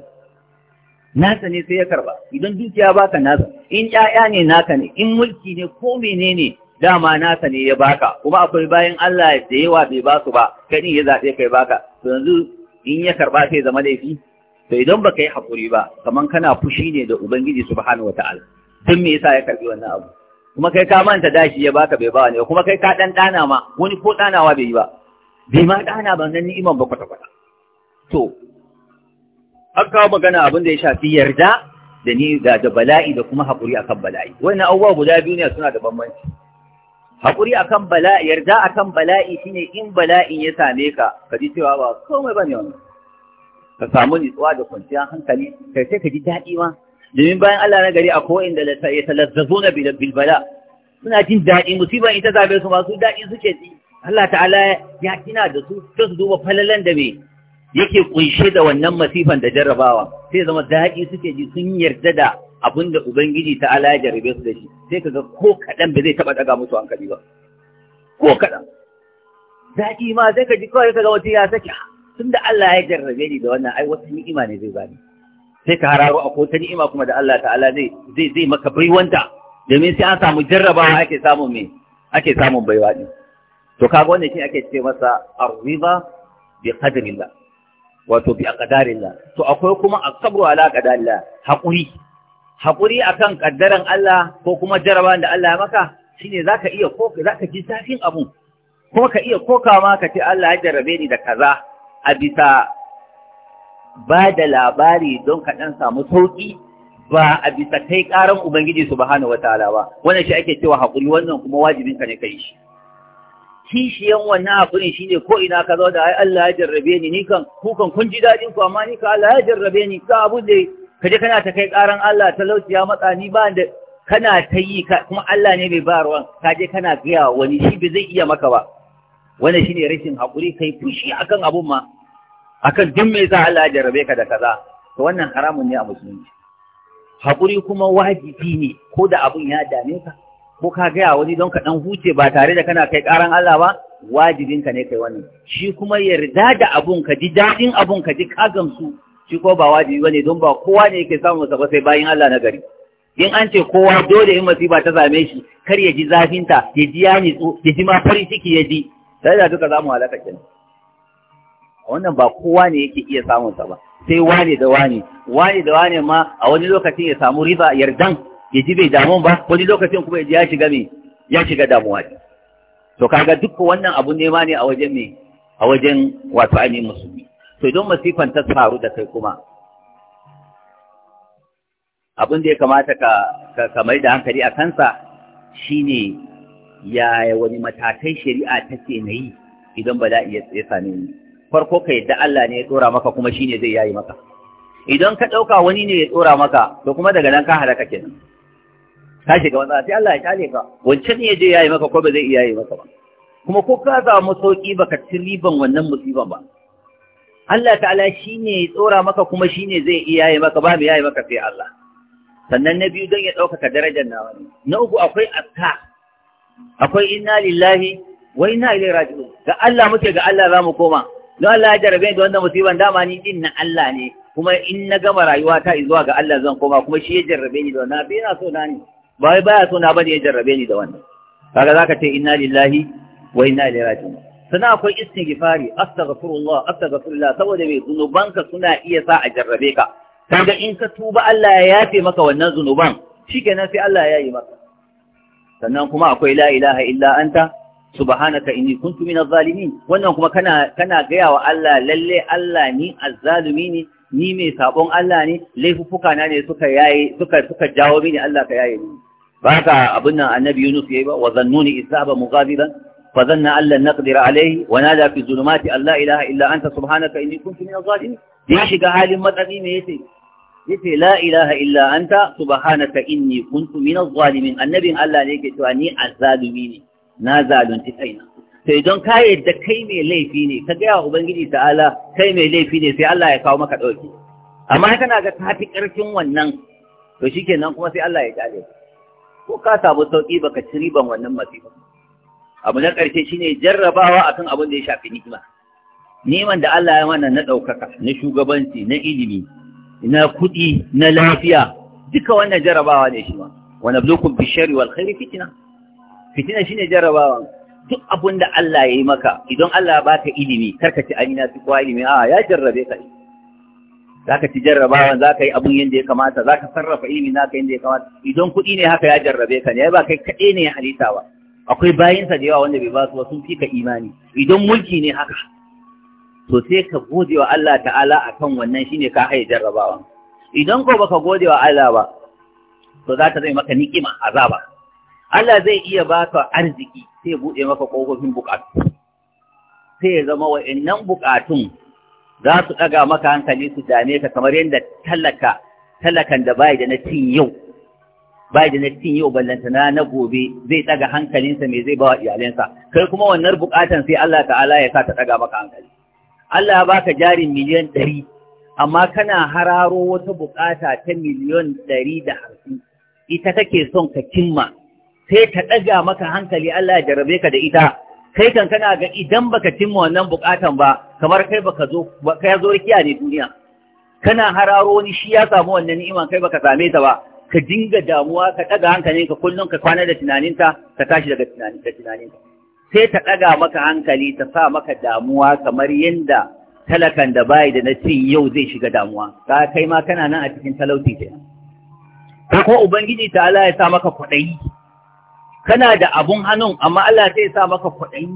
nasa ne sai ya karba idan dukiya baka nasa in ƴaƴa ne naka ne in mulki ne ko menene dama nasa ne ya baka kuma akwai bayan Allah da yawa bai ba su ba kani ya zaɓe kai baka to yanzu in ya karɓa sai zama laifi to idan baka yi hakuri ba kaman kana fushi ne da ubangiji subhanahu wataala tun me yasa ya karɓi wannan abu kuma kai ka manta dashi ya baka bai ba ne kuma kai ka dan dana ma wani ko danawa bai yi ba bai ma dana ba nan ni'iman ba kwata kwata to an kawo magana abin da ya shafi yarda da ni da bala'i da kuma hakuri akan bala'i wannan abubuwa guda biyu ne suna da bambanci haƙuri akan bala'i yarda akan bala'i shine in bala'in ya same ka ka ji cewa ba komai bane wannan ka samu nutsuwa da kwanciyar hankali kai sai ka ji daɗi ma domin bayan Allah na gari a ko inda ya talazzazo na bil bala suna jin daɗi musibar ita zabe su masu daɗi suke ji Allah ta'ala ya kina da su sai su duba falalan da me yake kunshe da wannan masifan da jarrabawa sai zama daɗi suke ji sun yarda da Abin da ubangiji ta ala ya jarabe su da shi sai kaga ko kaɗan ba zai taɓa ɗaga musu hankali ba ko kaɗan zaki ma sai ka ji kawai ka ga wata ya saki ah, tun da Allah ya jarrabe ni da wannan ai wata ni'ima ne zai bani sai ka hararo a kota ni'ima kuma da Allah ta'ala zai zai zai maka baiwanta domin sai an samu jarrabawa ake samun me ake samun baiwa ne. to kaga wannan shi ake ce masa arziba bi qadrillah wato bi aqdarillah to akwai kuma asabru ala qadarillah haƙuri haƙuri akan ƙaddaran Allah ko kuma jaraban da Allah ya maka shi za zaka iya koka zaka ji zafin abu Ko ka iya koka ma ka ce Allah ya jarabe ni da kaza a bisa ba da labari don ka ɗan samu sauƙi ba a bisa kai ƙaran ubangiji su ba hana wata ba wannan shi ake cewa haƙuri wannan kuma wajibin ka ne kai shi kishiyan wannan haƙuri shine ko ina ka zo da ai Allah ya jarrabe ni ni kan kukan kun ji daɗin ku amma ni ka Allah ya jarrabe ni ka abu da kaje kana ta kai karan Allah talauci ya matsa ni ba da kana ta yi kuma Allah ne mai ba ruwan. kaje kana gaya wani shi bai zai iya maka ba wannan shine rashin hakuri kai fushi akan abun ma akan duk me yasa Allah ya jarabe ka da kaza to wannan haramun ne a musulunci hakuri kuma wajibi ne ko da abun ya dame ka ko ka gaya wani don ka dan huce ba tare da kana kai karan Allah ba wajibinka ne kai wannan shi kuma yarda da abun ka ji dadin abun ka ji ka gamsu shi ko ba wajibi bane don ba kowa ne yake samun sa ba sai bayin Allah na gari in an ce kowa dole in masifa ta same shi kar ya ji zafinta ya ji ya nitsu ya ji ma farin ciki ya ji sai da duka zamu halaka kenan wannan ba kowa ne yake iya samun sa ba sai wane da wane wane da wane ma a wani lokacin ya samu riba yardan ya ji bai damu ba wani lokacin kuma ya ji ya shiga me ya shiga damuwa to kaga duk wannan abu nema ne a wajen me a wajen wato ainihin musulmi to don masifan ta faru da kai kuma abin da ya kamata ka ka kamar da hankali a kansa shine yaya wani matakai shari'a take na yi idan ba ya same ni farko ka yadda Allah ne ya tsora maka kuma shine zai yayi maka idan ka ɗauka wani ne ya tsora maka to kuma daga nan ka halaka kenan ka shiga wannan sai Allah ya kyale ka wancan ne ya je yayi maka ko ba zai iya yayi maka ba kuma ko ka samu sauki baka ci riban wannan musiban ba Allah ta'ala shi ne ya tsora maka kuma shi ne zai iya yi maka ba babu yayi maka sai Allah sannan na biyu don ya ɗaukaka darajar nawa ne na uku akwai aska akwai inna lillahi wa inna ilaihi raji'un ga Allah muke ga Allah za mu koma don Allah ya jarabe da wannan musiban dama ni din na Allah ne kuma in na gama rayuwa ta zuwa ga Allah zan koma kuma shi ya jarrabe ni da wannan abin yana so na ne ba wai baya so na bane ya jarrabe ni da wannan kaga zaka ce inna lillahi wa inna ilaihi raji'un Suna akwai istighfari astaghfirullah astaghfirullah saboda mai zunubanka suna iya sa a jarrabe ka kaga in ka tuba Allah ya yafe maka wannan zunuban shikenan sai Allah ya yi maka sannan kuma akwai la ilaha illa anta subhanaka inni kuntu minaz zalimin wannan kuma kana kana gaya wa Allah lalle Allah ni azzalumi ne ni mai sabon Allah ne laifuka na ne suka yayi suka suka jawo mini Allah ka yaye ni baka abin nan annabi Yunus yayi ba wa zannuni isaba mughadiban فظن أن لن نقدر عليه ونادى في الظلمات أن لا إله إلا أنت سبحانك إني كنت من الظالمين يشك حال مدعين يتي يتي لا إله إلا أنت سبحانك إني كنت من الظالمين النبي الله ليك تواني الظالمين نازل تكينا sai don ka yadda kai mai laifi ne ka gaya wa ubangiji ta'ala kai mai laifi ne sai Allah ya kawo maka ɗauki amma haka na ga ka fi ƙarfin wannan to shikenan kuma sai Allah ya kare ko ka samu sauƙi baka ci riban wannan masifa abu na ƙarshe shine jarrabawa akan abin da ya shafi ni'ima niman da Allah ya mana na ɗaukaka na shugabanci na ilimi na kuɗi na lafiya duka wannan jarrabawa ne shi ma wa nablukum bishari wal khairi fitna fitna shine jarrabawa duk abin da Allah ya yi maka idan Allah ba ka ilimi karka ci amina su kuwa ilimi a ya jarrabe ka za ka ci jarrabawan za ka yi abin yanda ya kamata za ka sarrafa ilimi na ka yadda ya kamata idan kuɗi ne haka ya jarrabe ka ne ya ba kai kaɗai ne ya halitta ba akwai bayinsa da yawa wanda bai ba su sun fi ka imani idan mulki ne haka to sai ka gode wa Allah ta'ala akan wannan shi ne ka haye jarrabawa idan ko baka gode wa Allah ba to za ta zai maka ni'ima azaba Allah zai iya baka arziki sai bude maka kofofin bukatu sai ya zama wa'annan bukatun za su daga maka hankali su dame ka kamar yadda talaka talakan da bai da na cin yau ba da na cin yau ballantana na gobe zai ɗaga hankalinsa mai zai bawa iyalinsa kai kuma wannan bukatan sai Allah ta'ala ya sa ta ɗaga maka hankali Allah baka jarin miliyan ɗari amma kana hararo wata buƙata ta miliyan ɗari da hamsin ita kake son ka cimma sai ta ɗaga maka hankali Allah ya jarabe ka da ita kai kan kana ga idan baka cimma wannan buƙatan ba kamar kai baka zo ka zo rikiya ne duniya kana hararo wani shi ya samu wannan ni'ima kai baka same ta ba ka dinga damuwa ka ɗaga hankalinka kullum ka kwana da tunaninta ka tashi daga tunaninta sai ta ɗaga maka hankali ta sa maka damuwa kamar yadda talakan da bayi da na ce yau zai shiga damuwa ka kai ma kana nan a cikin talauci ke ko ko ubangiji ta Allah ya sa maka kwaɗayi kana da abun hannun amma Allah zai sa maka kwaɗayi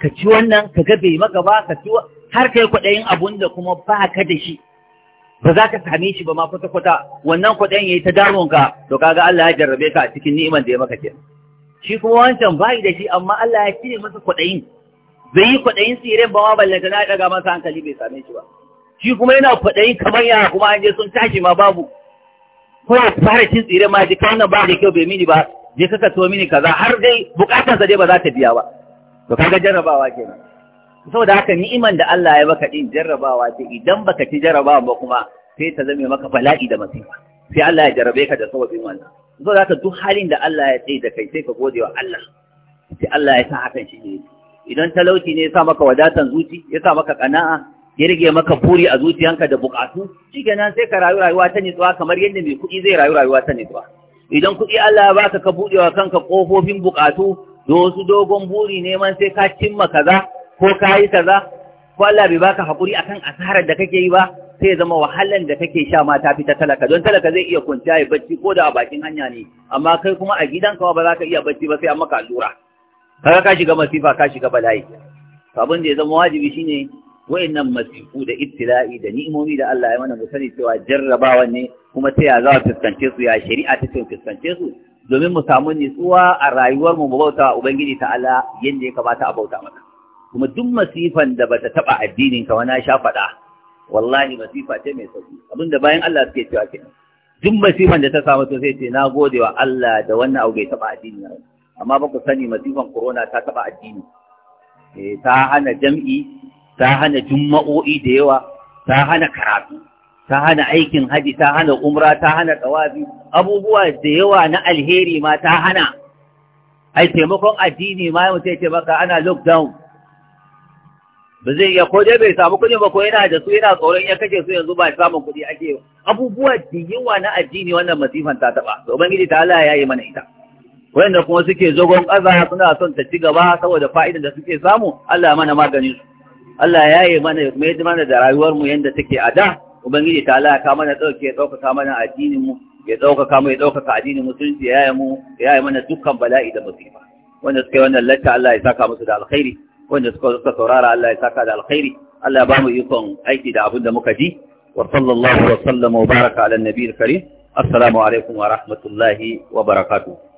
ka ci wannan ka ga bai maka ba ka ci har kai kwaɗayin abun da kuma ba ka da shi ba za ka same shi ba ma kwata kwata wannan kuɗin yayi ta damunka to kaga Allah ya jarrabe ka a cikin ni'imar da ya maka kenan shi kuma wancan bai da shi amma Allah ya cire masa kuɗin bai yi kwaɗayin tsirin ba balle ballanta na ɗaga masa hankali bai same shi ba shi kuma yana kwaɗayin kamar yara kuma an je sun tashi ma babu ko ya fara cin tsirin ma ji kawunan ba da kyau bai mini ba je kaka to mini kaza har dai bukatansa dai ba za ta biya ba to kaga jarrabawa kenan saboda haka ni'iman da Allah ya maka din jarrabawa ce idan baka ci jarrabawa ba kuma sai ta zame maka bala'i da masifa sai Allah ya jarrabe ka da sababin wannan saboda haka duk halin da Allah ya tsaye da kai sai ka gode wa Allah sai Allah ya sa hakan shi ne idan talauci ne ya sa maka wadatan zuci ya sa maka kana'a ya rige maka buri a zuciyanka da bukatu kenan sai ka rayu rayuwa ta nitsuwa kamar yadda mai kuɗi zai rayu rayuwa ta nitsuwa idan kuɗi Allah ya baka ka buɗe wa kanka ƙofofin bukatu da wasu dogon buri neman sai ka cimma kaza ko ka yi kaza ko Allah bai baka hakuri akan asarar da kake yi ba sai ya zama wahalar da kake sha ma ta fita talaka don talaka zai iya kwanciya ya bacci ko da a bakin hanya ne amma kai kuma a gidan kawai ba za ka iya bacci ba sai an maka allura kaga ka shiga masifa ka shiga balayi. abin da ya zama wajibi shine wa'annan masifu da ibtila'i da ni'imomi da Allah ya mana mu sani cewa jarrabawa ne kuma ta ya za a fuskance su ya shari'a ta ce fuskance su domin mu samu nutsuwa a rayuwar mu bauta ubangiji ta Allah, yadda ya kamata a bauta maka. kuma duk masifan da bata taba addinin ka wani sha faɗa wallahi masifa ce mai sauki abinda bayan Allah suke cewa kenan duk masifan da ta samu to sai ce na gode wa Allah da wannan abu bai taba addini na amma ba ku sani masifan corona ta taba addini eh ta hana jam'i ta hana jumma'o'i da yawa ta hana karatu ta hana aikin haji ta hana umra ta hana tawafi abubuwa da yawa na alheri ma ta hana ai taimakon addini ma mutum ya ce baka ana lockdown ba zai iya ko dai bai samu kuɗin ba ko yana da su yana tsoron ya kace su yanzu ba samun kuɗi ake abubuwa da yawa na addini wannan masifan ta taɓa to ubangiji ta Allah ya yi mana ita wanda kuma suke zagon ƙasa suna son ta ci gaba saboda fa'idan da suke samu Allah ya mana maganin su Allah ya yi mana kuma ya mana da mu yadda take a da ubangiji ta Allah ya ka mana dauke ya ɗaukaka mana addinin mu ya ɗaukaka mu ya ɗaukaka addinin musulunci ya yi mu ya yi mana dukkan bala'i da musifa wanda suke wannan lacca Allah ya saka musu da alkhairi wanda suka saurara Allah ya saka da alkhairi Allah ya ba mu ikon aiki da abin da muka ji wa sallallahu wa sallama wa baraka ala nabiyil karim assalamu alaikum wa rahmatullahi wa barakatuh